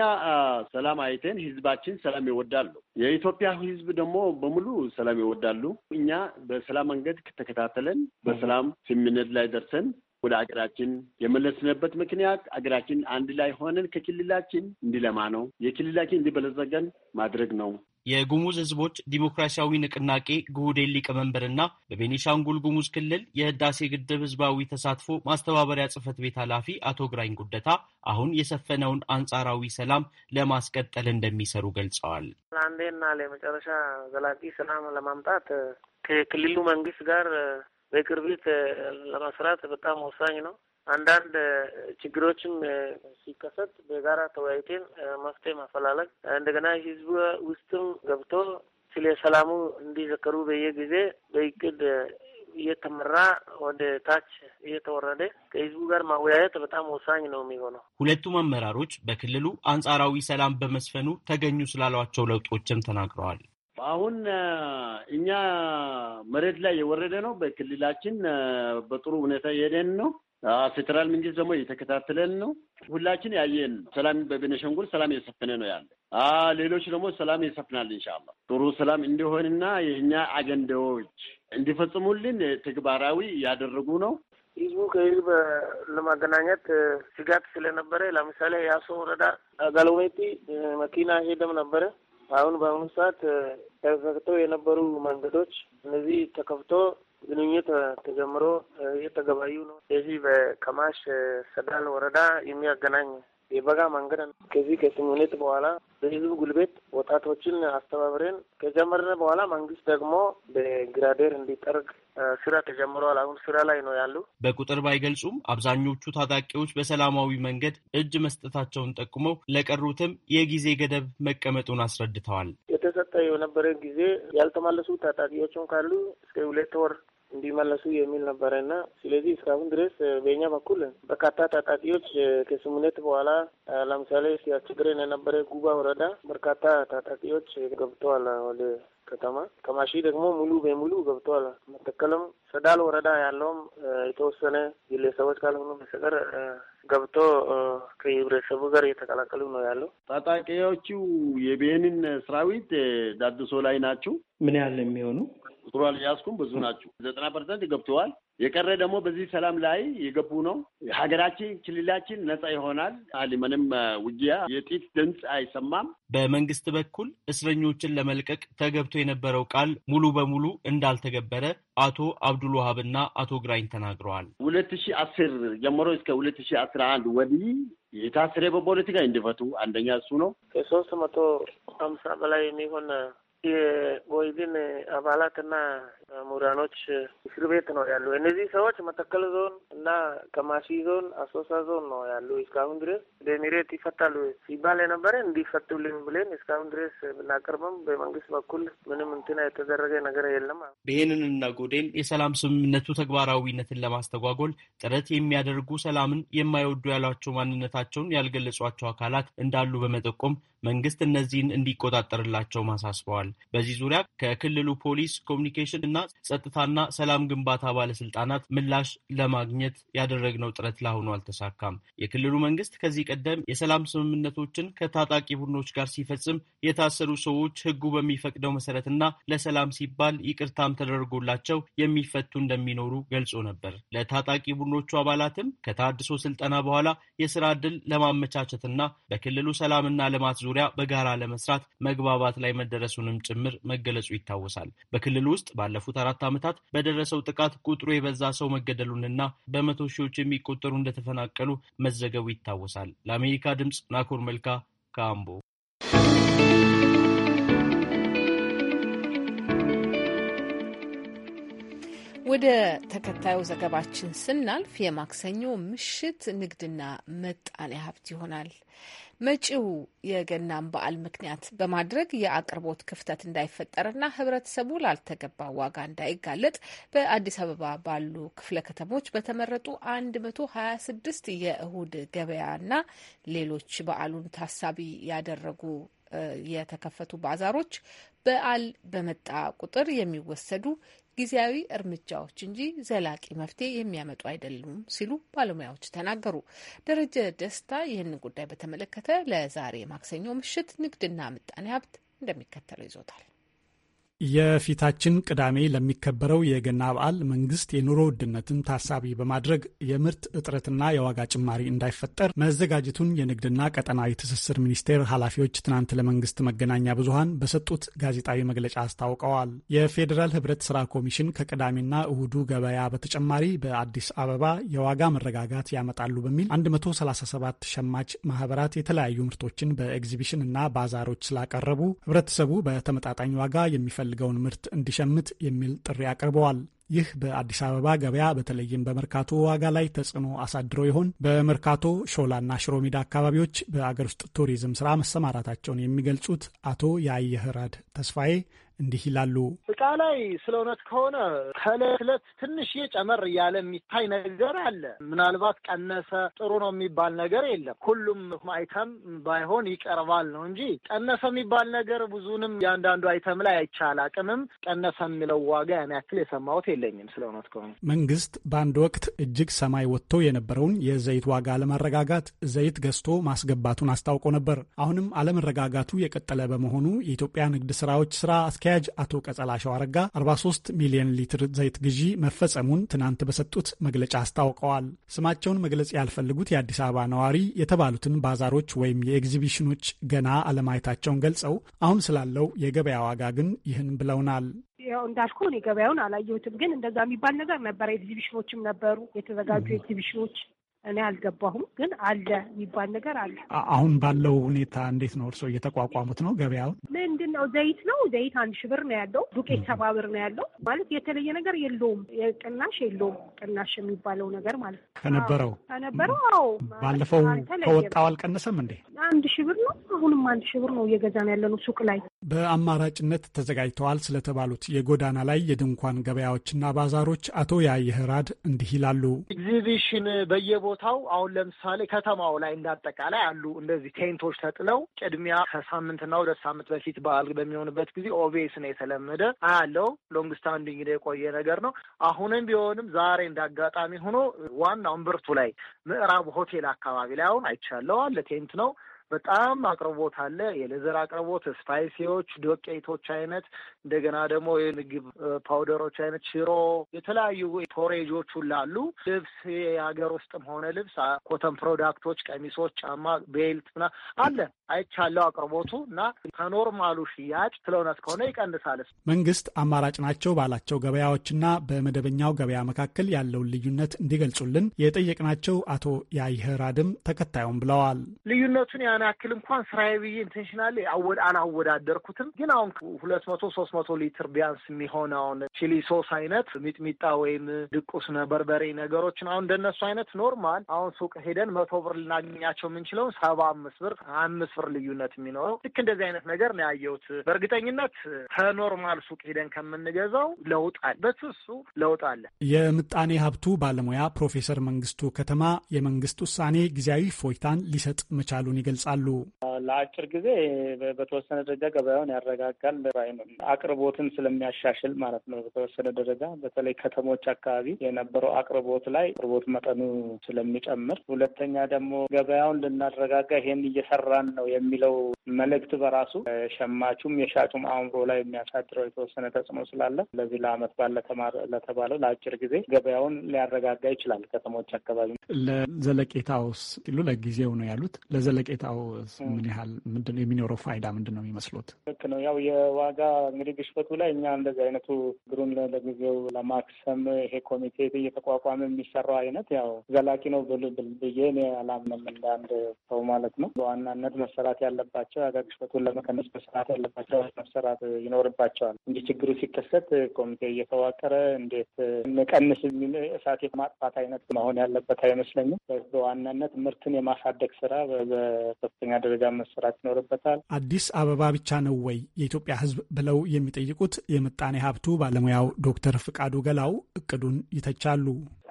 ሰላም አይተን ህዝባችን ሰላም ይወዳሉ። የኢትዮጵያ ህዝብ ደግሞ በሙሉ ሰላም ይወዳሉ። እኛ በሰላም መንገድ ተከታተለን በሰላም ስምምነት ላይ ደርሰን ወደ አገራችን የመለስንበት ምክንያት አገራችን አንድ ላይ ሆነን ከክልላችን እንዲለማ ነው። የክልላችን እንዲበለጸገን ማድረግ ነው። የጉሙዝ ህዝቦች ዲሞክራሲያዊ ንቅናቄ ጉህዴን ሊቀመንበርና በቤኒሻንጉል ጉሙዝ ክልል የህዳሴ ግድብ ህዝባዊ ተሳትፎ ማስተባበሪያ ጽህፈት ቤት ኃላፊ አቶ ግራኝ ጉደታ አሁን የሰፈነውን አንጻራዊ ሰላም ለማስቀጠል እንደሚሰሩ ገልጸዋል። ለአንዴና ለመጨረሻ ዘላቂ ሰላም ለማምጣት ከክልሉ መንግስት ጋር በቅርበት ለመስራት በጣም ወሳኝ ነው። አንዳንድ ችግሮችም ሲከሰት በጋራ ተወያይቴን መፍትሄ ማፈላለግ እንደገና ህዝቡ ውስጥም ገብቶ ስለ ሰላሙ እንዲዘከሩ በየጊዜ በእቅድ እየተመራ ወደ ታች እየተወረደ ከህዝቡ ጋር ማወያየት በጣም ወሳኝ ነው የሚሆነው። ሁለቱም አመራሮች በክልሉ አንጻራዊ ሰላም በመስፈኑ ተገኙ ስላሏቸው ለውጦችም ተናግረዋል። አሁን እኛ መሬት ላይ የወረደ ነው። በክልላችን በጥሩ ሁኔታ የሄደን ነው። ፌዴራል መንግስት ደግሞ እየተከታተለን ነው። ሁላችን ያየን ነው። ሰላም በቤኒሻንጉል ሰላም እየሰፈነ ነው ያለ። ሌሎች ደግሞ ሰላም ይሰፍናል። እንሻላ ጥሩ ሰላም እንዲሆንና የኛ አጀንዳዎች እንዲፈጽሙልን ተግባራዊ እያደረጉ ነው። ህዝቡ ከህዝብ ለማገናኘት ስጋት ስለነበረ ለምሳሌ የአሶ ወረዳ ጋልሜቲ መኪና ሄደም ነበረ። አሁን በአሁኑ ሰዓት ተከፍተው የነበሩ መንገዶች እነዚህ ተከፍቶ ግንኙነት ተጀምሮ እየተገባዩ ነው። ከዚህ በከማሽ ሰዳል ወረዳ የሚያገናኝ የበጋ መንገድ ነው። ከዚህ ከስምምነት በኋላ በህዝብ ጉልበት ወጣቶችን አስተባብረን ከጀመርን በኋላ መንግስት ደግሞ በግራዴር እንዲጠርግ ስራ ተጀምረዋል። አሁን ስራ ላይ ነው ያሉ። በቁጥር ባይገልጹም አብዛኞቹ ታጣቂዎች በሰላማዊ መንገድ እጅ መስጠታቸውን ጠቁመው ለቀሩትም የጊዜ ገደብ መቀመጡን አስረድተዋል። የተሰጠ የነበረ ጊዜ ያልተመለሱ ታጣቂዎችም ካሉ እስከ ሁለት ወር እንዲመለሱ የሚል ነበረ እና ስለዚህ እስካሁን ድረስ በኛ በኩል በርካታ ታጣቂዎች ከስምምነት በኋላ ለምሳሌ ሲያስቸግረን የነበረ ጉባ ወረዳ በርካታ ታጣቂዎች ገብተዋል ወደ ከተማ ከማሺ ደግሞ ሙሉ በሙሉ ገብተዋል። መተከልም ሰዳል ወረዳ ያለውም የተወሰነ ግለሰቦች ካልሆኑ በስተቀር ገብቶ ከህብረተሰቡ ጋር እየተቀላቀሉ ነው ያለው። ታጣቂዎቹ የቤንን ሰራዊት ዳድሶ ላይ ናችሁ። ምን ያህል የሚሆኑ ቁጥሩ አልያዝኩም። ብዙ ናችሁ። ዘጠና ፐርሰንት ገብተዋል። የቀረ ደግሞ በዚህ ሰላም ላይ የገቡ ነው። ሀገራችን ክልላችን ነጻ ይሆናል። ምንም ውጊያ የጢት ድምፅ አይሰማም። በመንግስት በኩል እስረኞችን ለመልቀቅ ተገብቶ የነበረው ቃል ሙሉ በሙሉ እንዳልተገበረ አቶ አብዱል ወሃብና አቶ ግራኝ ተናግረዋል። ሁለት ሺ አስር ጀምሮ እስከ ሁለት ሺ አስራ አንድ ወዲህ የታሰረ በፖለቲካ እንዲፈቱ አንደኛ እሱ ነው። ከሶስት መቶ ሀምሳ በላይ የሚሆን የኦይልን አባላትና ምሁራኖች እስር ቤት ነው ያሉ። እነዚህ ሰዎች መተከል ዞን እና ከማሺ ዞን፣ አሶሳ ዞን ነው ያሉ። እስካሁን ድረስ ደሚሬት ይፈታሉ ሲባል የነበረ እንዲፈቱልን ብለን እስካሁን ድረስ ብናቀርብም በመንግስት በኩል ምንም እንትና የተደረገ ነገር የለም። ብሄንን እና ጎዴን የሰላም ስምምነቱ ተግባራዊነትን ለማስተጓጎል ጥረት የሚያደርጉ ሰላምን የማይወዱ ያሏቸው ማንነታቸውን ያልገለጿቸው አካላት እንዳሉ በመጠቆም መንግስት እነዚህን እንዲቆጣጠርላቸው ማሳስበዋል። በዚህ ዙሪያ ከክልሉ ፖሊስ ኮሚኒኬሽን እና ጸጥታና ሰላም ግንባታ ባለስልጣናት ምላሽ ለማግኘት ያደረግነው ጥረት ለአሁኑ አልተሳካም። የክልሉ መንግስት ከዚህ ቀደም የሰላም ስምምነቶችን ከታጣቂ ቡድኖች ጋር ሲፈጽም የታሰሩ ሰዎች ህጉ በሚፈቅደው መሰረትና ለሰላም ሲባል ይቅርታም ተደርጎላቸው የሚፈቱ እንደሚኖሩ ገልጾ ነበር። ለታጣቂ ቡድኖቹ አባላትም ከታድሶ ስልጠና በኋላ የስራ ዕድል ለማመቻቸትና በክልሉ ሰላምና ልማት ዙሪያ በጋራ ለመስራት መግባባት ላይ መደረሱንም ጭምር መገለጹ ይታወሳል። በክልል ውስጥ ባለፉት አራት ዓመታት በደረሰው ጥቃት ቁጥሩ የበዛ ሰው መገደሉንና በመቶ ሺዎች የሚቆጠሩ እንደተፈናቀሉ መዘገቡ ይታወሳል። ለአሜሪካ ድምፅ ናኮር መልካ ካምቦ ወደ ተከታዩ ዘገባችን ስናልፍ የማክሰኞ ምሽት ንግድና መጣኔ ሀብት ይሆናል። መጪው የገናን በዓል ምክንያት በማድረግ የአቅርቦት ክፍተት እንዳይፈጠርና ሕብረተሰቡ ላልተገባ ዋጋ እንዳይጋለጥ በአዲስ አበባ ባሉ ክፍለ ከተሞች በተመረጡ 126 የእሁድ ገበያና ሌሎች በዓሉን ታሳቢ ያደረጉ የተከፈቱ ባዛሮች በዓል በመጣ ቁጥር የሚወሰዱ ጊዜያዊ እርምጃዎች እንጂ ዘላቂ መፍትሄ የሚያመጡ አይደሉም ሲሉ ባለሙያዎች ተናገሩ። ደረጀ ደስታ ይህንን ጉዳይ በተመለከተ ለዛሬ ማክሰኞ ምሽት ንግድና ምጣኔ ሀብት እንደሚከተለው ይዞታል። የፊታችን ቅዳሜ ለሚከበረው የገና በዓል መንግስት የኑሮ ውድነትን ታሳቢ በማድረግ የምርት እጥረትና የዋጋ ጭማሪ እንዳይፈጠር መዘጋጀቱን የንግድና ቀጠናዊ ትስስር ሚኒስቴር ኃላፊዎች ትናንት ለመንግስት መገናኛ ብዙኃን በሰጡት ጋዜጣዊ መግለጫ አስታውቀዋል። የፌዴራል ህብረት ስራ ኮሚሽን ከቅዳሜና እሁዱ ገበያ በተጨማሪ በአዲስ አበባ የዋጋ መረጋጋት ያመጣሉ በሚል 137 ሸማች ማህበራት የተለያዩ ምርቶችን በኤግዚቢሽን እና ባዛሮች ስላቀረቡ ህብረተሰቡ በተመጣጣኝ ዋጋ የሚፈል የሚፈልገውን ምርት እንዲሸምት የሚል ጥሪ አቅርበዋል። ይህ በአዲስ አበባ ገበያ በተለይም በመርካቶ ዋጋ ላይ ተጽዕኖ አሳድሮ ይሆን? በመርካቶ ሾላና ሽሮሜዳ አካባቢዎች በአገር ውስጥ ቱሪዝም ስራ መሰማራታቸውን የሚገልጹት አቶ የአየህ ራድ ተስፋዬ እንዲህ ይላሉ። እቃ ላይ ስለ እውነት ከሆነ ከእለት ዕለት ትንሽ ጨመር እያለ የሚታይ ነገር አለ። ምናልባት ቀነሰ ጥሩ ነው የሚባል ነገር የለም። ሁሉም አይተም ባይሆን ይቀርባል ነው እንጂ ቀነሰ የሚባል ነገር ብዙንም የአንዳንዱ አይተም ላይ አይቻል አቅምም ቀነሰ የሚለው ዋጋ ያን ያክል የሰማሁት የለኝም። ስለ እውነት ከሆነ መንግስት በአንድ ወቅት እጅግ ሰማይ ወጥቶ የነበረውን የዘይት ዋጋ አለመረጋጋት ዘይት ገዝቶ ማስገባቱን አስታውቆ ነበር። አሁንም አለመረጋጋቱ የቀጠለ በመሆኑ የኢትዮጵያ ንግድ ስራዎች ስራ አስኪያ አስኪያጅ አቶ ቀጸላሸው አረጋ 43 ሚሊዮን ሊትር ዘይት ግዢ መፈጸሙን ትናንት በሰጡት መግለጫ አስታውቀዋል። ስማቸውን መግለጽ ያልፈልጉት የአዲስ አበባ ነዋሪ የተባሉትን ባዛሮች ወይም የኤግዚቢሽኖች ገና አለማየታቸውን ገልጸው አሁን ስላለው የገበያ ዋጋ ግን ይህን ብለውናል። ያው እንዳልኩ እኔ ገበያውን አላየሁትም፣ ግን እንደዛ የሚባል ነገር ነበር። ኤግዚቢሽኖችም ነበሩ የተዘጋጁ ኤግዚቢሽኖች እኔ አልገባሁም፣ ግን አለ የሚባል ነገር አለ። አሁን ባለው ሁኔታ እንዴት ነው እርስዎ እየተቋቋሙት ነው? ገበያውን ምንድን ነው? ዘይት ነው። ዘይት አንድ ሺህ ብር ነው ያለው። ዱቄት ሰባ ብር ነው ያለው። ማለት የተለየ ነገር የለውም፣ ቅናሽ የለውም። ቅናሽ የሚባለው ነገር ማለት ነው ከነበረው ከነበረው። አዎ ባለፈው ከወጣው አልቀነሰም እንዴ? አንድ ሺህ ብር ነው። አሁንም አንድ ሺህ ብር ነው እየገዛን ያለነው ሱቅ ላይ። በአማራጭነት ተዘጋጅተዋል ስለተባሉት የጎዳና ላይ የድንኳን ገበያዎችና ባዛሮች አቶ ያየህራድ እንዲህ ይላሉ። ኤግዚቢሽን በየቦ በየቦታው አሁን ለምሳሌ ከተማው ላይ እንዳጠቃላይ አሉ እንደዚህ ቴንቶች ተጥለው ቅድሚያ ከሳምንትና ሁለት ሳምንት በፊት በዓል በሚሆንበት ጊዜ ኦቤስ ነው የተለመደ አያለው ሎንግ ስታንዲንግ የቆየ ነገር ነው። አሁንም ቢሆንም ዛሬ እንዳጋጣሚ ሆኖ ዋናው እምብርቱ ላይ ምዕራብ ሆቴል አካባቢ ላይ አሁን አይቻለዋል። ለቴንት ነው በጣም አቅርቦት አለ። የሌዘር አቅርቦት፣ ስፓይሲዎች፣ ዶቄቶች አይነት እንደገና ደግሞ የምግብ ፓውደሮች አይነት ሽሮ፣ የተለያዩ ፖሬጆች ሁላሉ ልብስ የሀገር ውስጥም ሆነ ልብስ ኮተን ፕሮዳክቶች፣ ቀሚሶች፣ ጫማ፣ ቤልት ና አለ። አይቻለው አቅርቦቱ እና ከኖርማሉ ሽያጭ ስለሆነ ከሆነ ይቀንሳል። መንግስት አማራጭ ናቸው ባላቸው ገበያዎችና በመደበኛው ገበያ መካከል ያለውን ልዩነት እንዲገልጹልን የጠየቅናቸው አቶ ያይህራድም ተከታዩም ብለዋል። ልዩነቱን የዛን ያክል እንኳን ስራዬ ብዬ ኢንቴንሽናሊ አላወዳደርኩትም። ግን አሁን ሁለት መቶ ሶስት መቶ ሊትር ቢያንስ የሚሆነውን ቺሊ ሶስ አይነት ሚጥሚጣ ወይም ድቁስ በርበሬ ነገሮችን አሁን እንደነሱ አይነት ኖርማል አሁን ሱቅ ሄደን መቶ ብር ልናገኛቸው የምንችለውን ሰባ አምስት ብር አምስት ብር ልዩነት የሚኖረው ልክ እንደዚህ አይነት ነገር ነው ያየሁት። በእርግጠኝነት ከኖርማል ሱቅ ሄደን ከምንገዛው ለውጥ አለ፣ በትሱ ለውጥ አለ። የምጣኔ ሀብቱ ባለሙያ ፕሮፌሰር መንግስቱ ከተማ የመንግስት ውሳኔ ጊዜያዊ ፎይታን ሊሰጥ መቻሉን ይገልጻል። ይገልጻሉ። ለአጭር ጊዜ በተወሰነ ደረጃ ገበያውን ያረጋጋል። አቅርቦትን ስለሚያሻሽል ማለት ነው። በተወሰነ ደረጃ በተለይ ከተሞች አካባቢ የነበረው አቅርቦት ላይ አቅርቦት መጠኑ ስለሚጨምር፣ ሁለተኛ ደግሞ ገበያውን ልናረጋጋ ይሄን እየሰራን ነው የሚለው መልእክት በራሱ ሸማቹም የሻጩም አእምሮ ላይ የሚያሳድረው የተወሰነ ተጽዕኖ ስላለ ለዚህ ለአመት ባለ ለተባለው ለአጭር ጊዜ ገበያውን ሊያረጋጋ ይችላል። ከተሞች አካባቢ ለዘለቄታውስ ሲሉ ለጊዜው ነው ያሉት። ለዘለቄታው የሚኖረው ምን ያህል ምንድነው የሚኖረው ፋይዳ ምንድን ነው የሚመስሉት? ልክ ነው። ያው የዋጋ እንግዲህ ግሽበቱ ላይ እኛ እንደዚህ አይነቱ ግሩን ለጊዜው ለማክሰም ይሄ ኮሚቴ እየተቋቋመ የሚሰራው አይነት ያው ዘላቂ ነው ብል ብል ብዬ እኔ አላምንም፣ እንደ አንድ ሰው ማለት ነው። በዋናነት መሰራት ያለባቸው የዋጋ ግሽበቱን ለመቀነስ መሰራት ያለባቸው መሰራት ይኖርባቸዋል እንጂ ችግሩ ሲከሰት ኮሚቴ እየተዋቀረ እንዴት እንቀንስ የሚል እሳት የማጥፋት አይነት መሆን ያለበት አይመስለኝም። በዋናነት ምርትን የማሳደግ ስራ በከፍተኛ ደረጃ መሰራት ይኖርበታል። አዲስ አበባ ብቻ ነው ወይ የኢትዮጵያ ሕዝብ ብለው የሚጠይቁት የምጣኔ ሀብቱ ባለሙያው ዶክተር ፍቃዱ ገላው እቅዱን ይተቻሉ።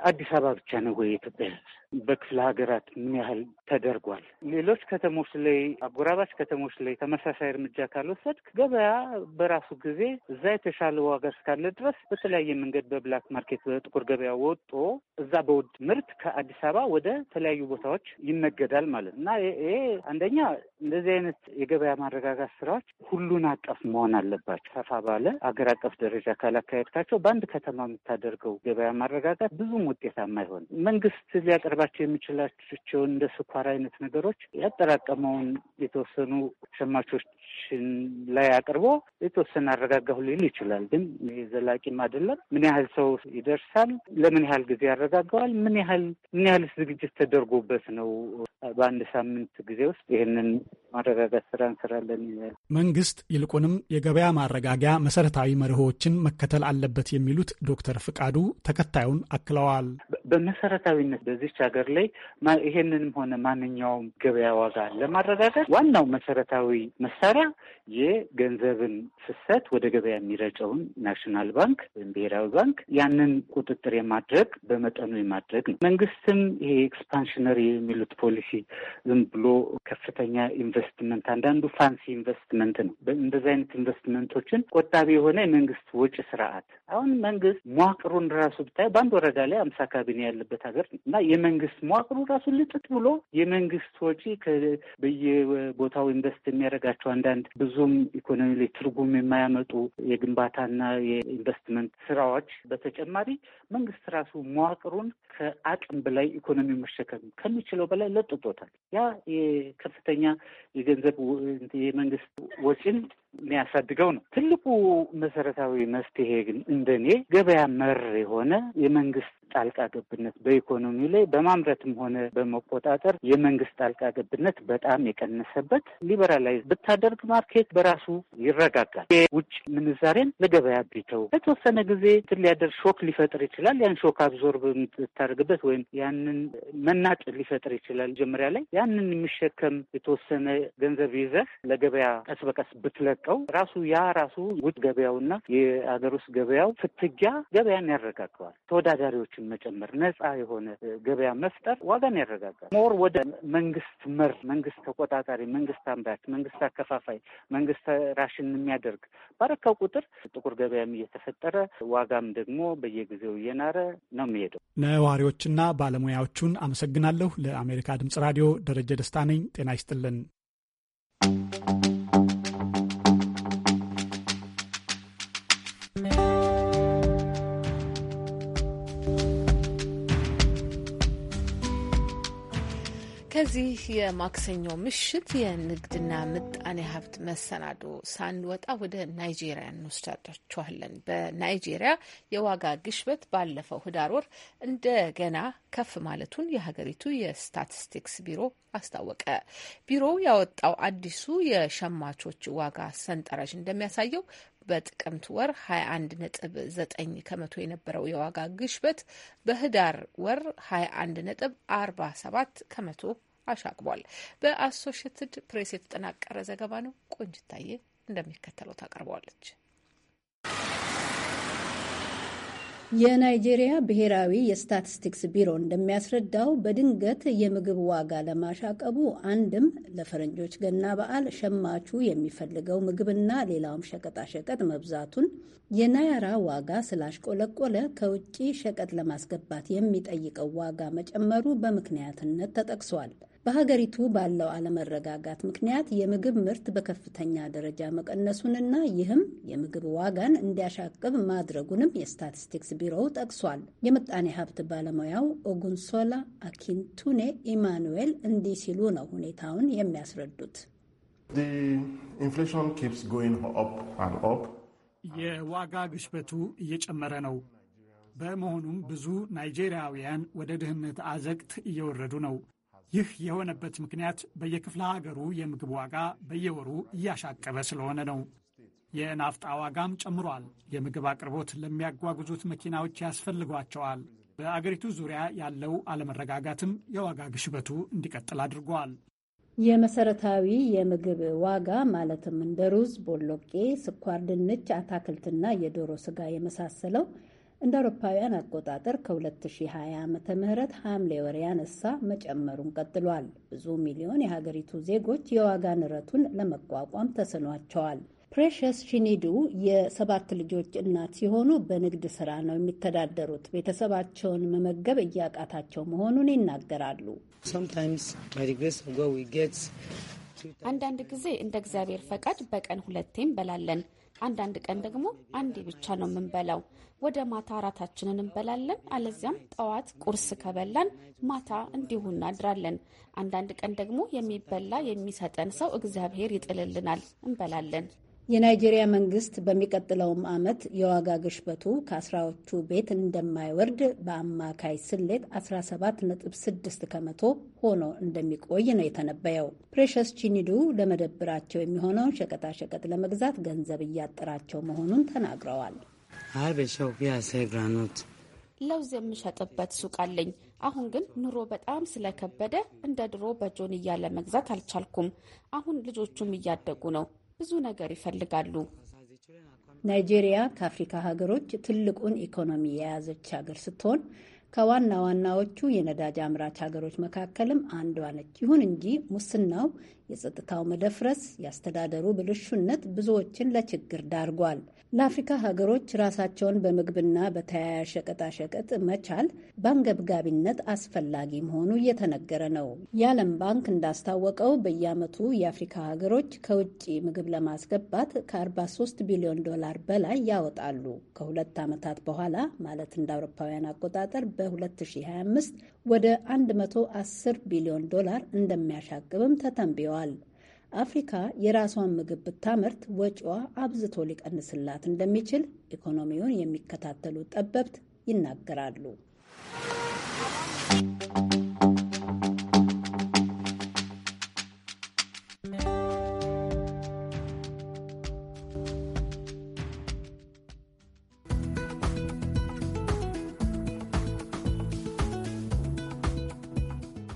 አዲስ አበባ ብቻ ነው ወይ የኢትዮጵያ በክፍለ ሀገራት ምን ያህል ተደርጓል? ሌሎች ከተሞች ላይ አጎራባች ከተሞች ላይ ተመሳሳይ እርምጃ ካልወሰድክ ገበያ በራሱ ጊዜ እዛ የተሻለ ዋጋ እስካለ ድረስ በተለያየ መንገድ በብላክ ማርኬት በጥቁር ገበያ ወጦ እዛ በውድ ምርት ከአዲስ አበባ ወደ ተለያዩ ቦታዎች ይነገዳል ማለት እና ይሄ አንደኛ እንደዚህ አይነት የገበያ ማረጋጋት ስራዎች ሁሉን አቀፍ መሆን አለባቸው። ሰፋ ባለ አገር አቀፍ ደረጃ ካላካሄድካቸው በአንድ ከተማ የምታደርገው ገበያ ማረጋጋት ብዙ ውጤታማ ይሆን። መንግስት ሊያቀርባቸው የሚችላቸውን እንደ ስኳር አይነት ነገሮች ያጠራቀመውን የተወሰኑ ሸማቾች ላይ አቅርቦ የተወሰነ አረጋጋሁ ሊል ይችላል። ግን ዘላቂም አይደለም። ምን ያህል ሰው ይደርሳል? ለምን ያህል ጊዜ ያረጋገዋል? ምን ያህል ምን ያህል ዝግጅት ተደርጎበት ነው? በአንድ ሳምንት ጊዜ ውስጥ ይህንን ማረጋጋት ስራ እንሰራለን ይላል መንግስት። ይልቁንም የገበያ ማረጋጊያ መሰረታዊ መርሆችን መከተል አለበት የሚሉት ዶክተር ፍቃዱ ተከታዩን አክለዋል። በመሰረታዊነት በዚች ሀገር ላይ ይሄንንም ሆነ ማንኛውም ገበያ ዋጋ ለማረጋጋት ዋናው መሰረታዊ መሳሪያ መጀመሪያ የገንዘብን ፍሰት ወደ ገበያ የሚረጨውን ናሽናል ባንክ ወይም ብሔራዊ ባንክ ያንን ቁጥጥር የማድረግ በመጠኑ የማድረግ ነው። መንግስትም ይሄ ኤክስፓንሽነሪ የሚሉት ፖሊሲ ዝም ብሎ ከፍተኛ ኢንቨስትመንት አንዳንዱ ፋንሲ ኢንቨስትመንት ነው። እንደዚህ አይነት ኢንቨስትመንቶችን ቆጣቢ የሆነ የመንግስት ወጪ ስርዓት አሁን መንግስት መዋቅሩን ራሱ ብታይ በአንድ ወረዳ ላይ አምሳ ካቢኔ ያለበት ሀገር ነው እና የመንግስት መዋቅሩ ራሱ ልጥጥ ብሎ የመንግስት ወጪ በየቦታው ኢንቨስት የሚያደርጋቸው አንዳ አንዳንድ ብዙም ኢኮኖሚ ላይ ትርጉም የማያመጡ የግንባታና የኢንቨስትመንት ስራዎች በተጨማሪ መንግስት ራሱ መዋቅሩን ከአቅም በላይ ኢኮኖሚ መሸከም ከሚችለው በላይ ለጥጦታል። ያ የከፍተኛ የገንዘብ የመንግስት ወጪን የሚያሳድገው ነው። ትልቁ መሰረታዊ መፍትሄ ግን እንደኔ ገበያ መር የሆነ የመንግስት ጣልቃ ገብነት በኢኮኖሚ ላይ በማምረትም ሆነ በመቆጣጠር የመንግስት ጣልቃ ገብነት በጣም የቀነሰበት ሊበራላይዝ ብታደርግ ማርኬት በራሱ ይረጋጋል። የውጭ ምንዛሬን ለገበያ ቢተው ለተወሰነ ጊዜ ትል ሾክ ሊፈጥር ይችላል። ያን ሾክ አብዞርብ የምታደርግበት ወይም ያንን መናጭ ሊፈጥር ይችላል። መጀመሪያ ላይ ያንን የሚሸከም የተወሰነ ገንዘብ ይዘህ ለገበያ ቀስ በቀስ ብትለ የሚሰጠው ራሱ ያ ራሱ ውጭ ገበያውና የአገር ውስጥ ገበያው ፍትጊያ ገበያን ያረጋጋዋል። ተወዳዳሪዎችን መጨመር፣ ነጻ የሆነ ገበያ መፍጠር ዋጋን ያረጋጋል። ሞር ወደ መንግስት መር፣ መንግስት ተቆጣጣሪ፣ መንግስት አምራች፣ መንግስት አከፋፋይ፣ መንግስት ራሽን የሚያደርግ ባረካው ቁጥር ጥቁር ገበያም እየተፈጠረ ዋጋም ደግሞ በየጊዜው እየናረ ነው የሚሄደው። ነዋሪዎችና ባለሙያዎቹን አመሰግናለሁ። ለአሜሪካ ድምጽ ራዲዮ ደረጀ ደስታ ነኝ። ጤና ይስጥልን። ከዚህ የማክሰኞ ምሽት የንግድና ምጣኔ ሀብት መሰናዶ ሳንወጣ ወደ ናይጄሪያ እንወስዳችኋለን። በናይጄሪያ የዋጋ ግሽበት ባለፈው ህዳር ወር እንደገና ከፍ ማለቱን የሀገሪቱ የስታቲስቲክስ ቢሮ አስታወቀ። ቢሮው ያወጣው አዲሱ የሸማቾች ዋጋ ሰንጠረዥ እንደሚያሳየው በጥቅምት ወር 21 ነጥብ 9 ከመቶ የነበረው የዋጋ ግሽበት በህዳር ወር 21 ነጥብ 47 ከመቶ አሻቅቧል። በአሶሽትድ ፕሬስ የተጠናቀረ ዘገባ ነው። ቆንጅታዬ እንደሚከተለው ታቀርበዋለች። የናይጄሪያ ብሔራዊ የስታቲስቲክስ ቢሮ እንደሚያስረዳው በድንገት የምግብ ዋጋ ለማሻቀቡ አንድም ለፈረንጆች ገና በዓል ሸማቹ የሚፈልገው ምግብና ሌላውም ሸቀጣሸቀጥ መብዛቱን፣ የናያራ ዋጋ ስላሽቆለቆለ ከውጭ ሸቀጥ ለማስገባት የሚጠይቀው ዋጋ መጨመሩ በምክንያትነት ተጠቅሷል። በሀገሪቱ ባለው አለመረጋጋት ምክንያት የምግብ ምርት በከፍተኛ ደረጃ መቀነሱንና ይህም የምግብ ዋጋን እንዲያሻቅብ ማድረጉንም የስታቲስቲክስ ቢሮው ጠቅሷል። የምጣኔ ሀብት ባለሙያው ኦጉንሶላ አኪንቱኔ ኢማኑኤል እንዲህ ሲሉ ነው ሁኔታውን የሚያስረዱት። የዋጋ ግሽበቱ እየጨመረ ነው። በመሆኑም ብዙ ናይጄሪያውያን ወደ ድህነት አዘቅት እየወረዱ ነው። ይህ የሆነበት ምክንያት በየክፍለ ሀገሩ የምግብ ዋጋ በየወሩ እያሻቀበ ስለሆነ ነው። የናፍጣ ዋጋም ጨምሯል። የምግብ አቅርቦት ለሚያጓጉዙት መኪናዎች ያስፈልጓቸዋል። በአገሪቱ ዙሪያ ያለው አለመረጋጋትም የዋጋ ግሽበቱ እንዲቀጥል አድርጓል። የመሰረታዊ የምግብ ዋጋ ማለትም እንደ ሩዝ፣ ቦሎቄ፣ ስኳር ድንች፣ አታክልትና የዶሮ ስጋ የመሳሰለው እንደ አውሮፓውያን አቆጣጠር ከ2020 ዓ ም ሐምሌ ወር ያነሳ መጨመሩን ቀጥሏል። ብዙ ሚሊዮን የሀገሪቱ ዜጎች የዋጋ ንረቱን ለመቋቋም ተስኗቸዋል። ፕሬሽስ ሺኒዱ የሰባት ልጆች እናት ሲሆኑ በንግድ ስራ ነው የሚተዳደሩት። ቤተሰባቸውን መመገብ እያቃታቸው መሆኑን ይናገራሉ። አንዳንድ ጊዜ እንደ እግዚአብሔር ፈቃድ በቀን ሁለቴ በላለን አንዳንድ ቀን ደግሞ አንዴ ብቻ ነው የምንበላው። ወደ ማታ እራታችንን እንበላለን። አለዚያም ጠዋት ቁርስ ከበላን ማታ እንዲሁ እናድራለን። አንዳንድ ቀን ደግሞ የሚበላ የሚሰጠን ሰው እግዚአብሔር ይጥልልናል፣ እንበላለን። የናይጄሪያ መንግስት በሚቀጥለውም ዓመት የዋጋ ግሽበቱ ከአስራዎቹ ቤት እንደማይወርድ በአማካይ ስሌት 17.6 ከመቶ ሆኖ እንደሚቆይ ነው የተነበየው። ፕሬሸስ ቺኒዱ ለመደብራቸው የሚሆነውን ሸቀጣሸቀጥ ለመግዛት ገንዘብ እያጠራቸው መሆኑን ተናግረዋል። ለውዝ የምሸጥበት ሱቅ አለኝ። አሁን ግን ኑሮ በጣም ስለከበደ እንደ ድሮ በጆንያ ለመግዛት አልቻልኩም። አሁን ልጆቹም እያደጉ ነው። ብዙ ነገር ይፈልጋሉ። ናይጄሪያ ከአፍሪካ ሀገሮች ትልቁን ኢኮኖሚ የያዘች ሀገር ስትሆን ከዋና ዋናዎቹ የነዳጅ አምራች ሀገሮች መካከልም አንዷ ነች። ይሁን እንጂ ሙስናው፣ የጸጥታው መደፍረስ፣ የአስተዳደሩ ብልሹነት ብዙዎችን ለችግር ዳርጓል። ለአፍሪካ ሀገሮች ራሳቸውን በምግብና በተያያዥ ሸቀጣሸቀጥ መቻል በአንገብጋቢነት አስፈላጊ መሆኑ እየተነገረ ነው። የዓለም ባንክ እንዳስታወቀው በየዓመቱ የአፍሪካ ሀገሮች ከውጭ ምግብ ለማስገባት ከ43 ቢሊዮን ዶላር በላይ ያወጣሉ። ከሁለት ዓመታት በኋላ ማለት እንደ አውሮፓውያን አቆጣጠር በ2025 ወደ 110 ቢሊዮን ዶላር እንደሚያሻቅብም ተተንብየዋል። አፍሪካ የራሷን ምግብ ብታመርት ወጪዋ አብዝቶ ሊቀንስላት እንደሚችል ኢኮኖሚውን የሚከታተሉ ጠበብት ይናገራሉ።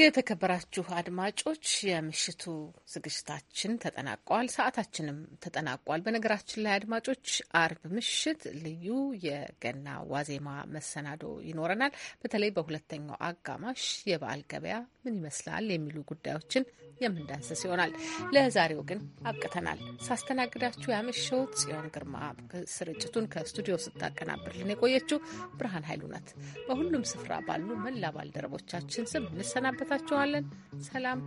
የተከበራችሁ አድማጮች የምሽቱ ዝግጅታችን ተጠናቋል። ሰዓታችንም ተጠናቋል። በነገራችን ላይ አድማጮች አርብ ምሽት ልዩ የገና ዋዜማ መሰናዶ ይኖረናል። በተለይ በሁለተኛው አጋማሽ የበዓል ገበያ ምን ይመስላል የሚሉ ጉዳዮችን የምንዳንሰስ ይሆናል። ለዛሬው ግን አብቅተናል። ሳስተናግዳችሁ ያመሸው ጽዮን ግርማ፣ ስርጭቱን ከስቱዲዮ ስታቀናብርልን የቆየችው ብርሃን ኃይሉ ናት። በሁሉም ስፍራ ባሉ መላ ባልደረቦቻችን ስም እንሰናበ እንሰናበታችኋለን። ሰላም፣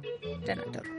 ደህና ደሩ።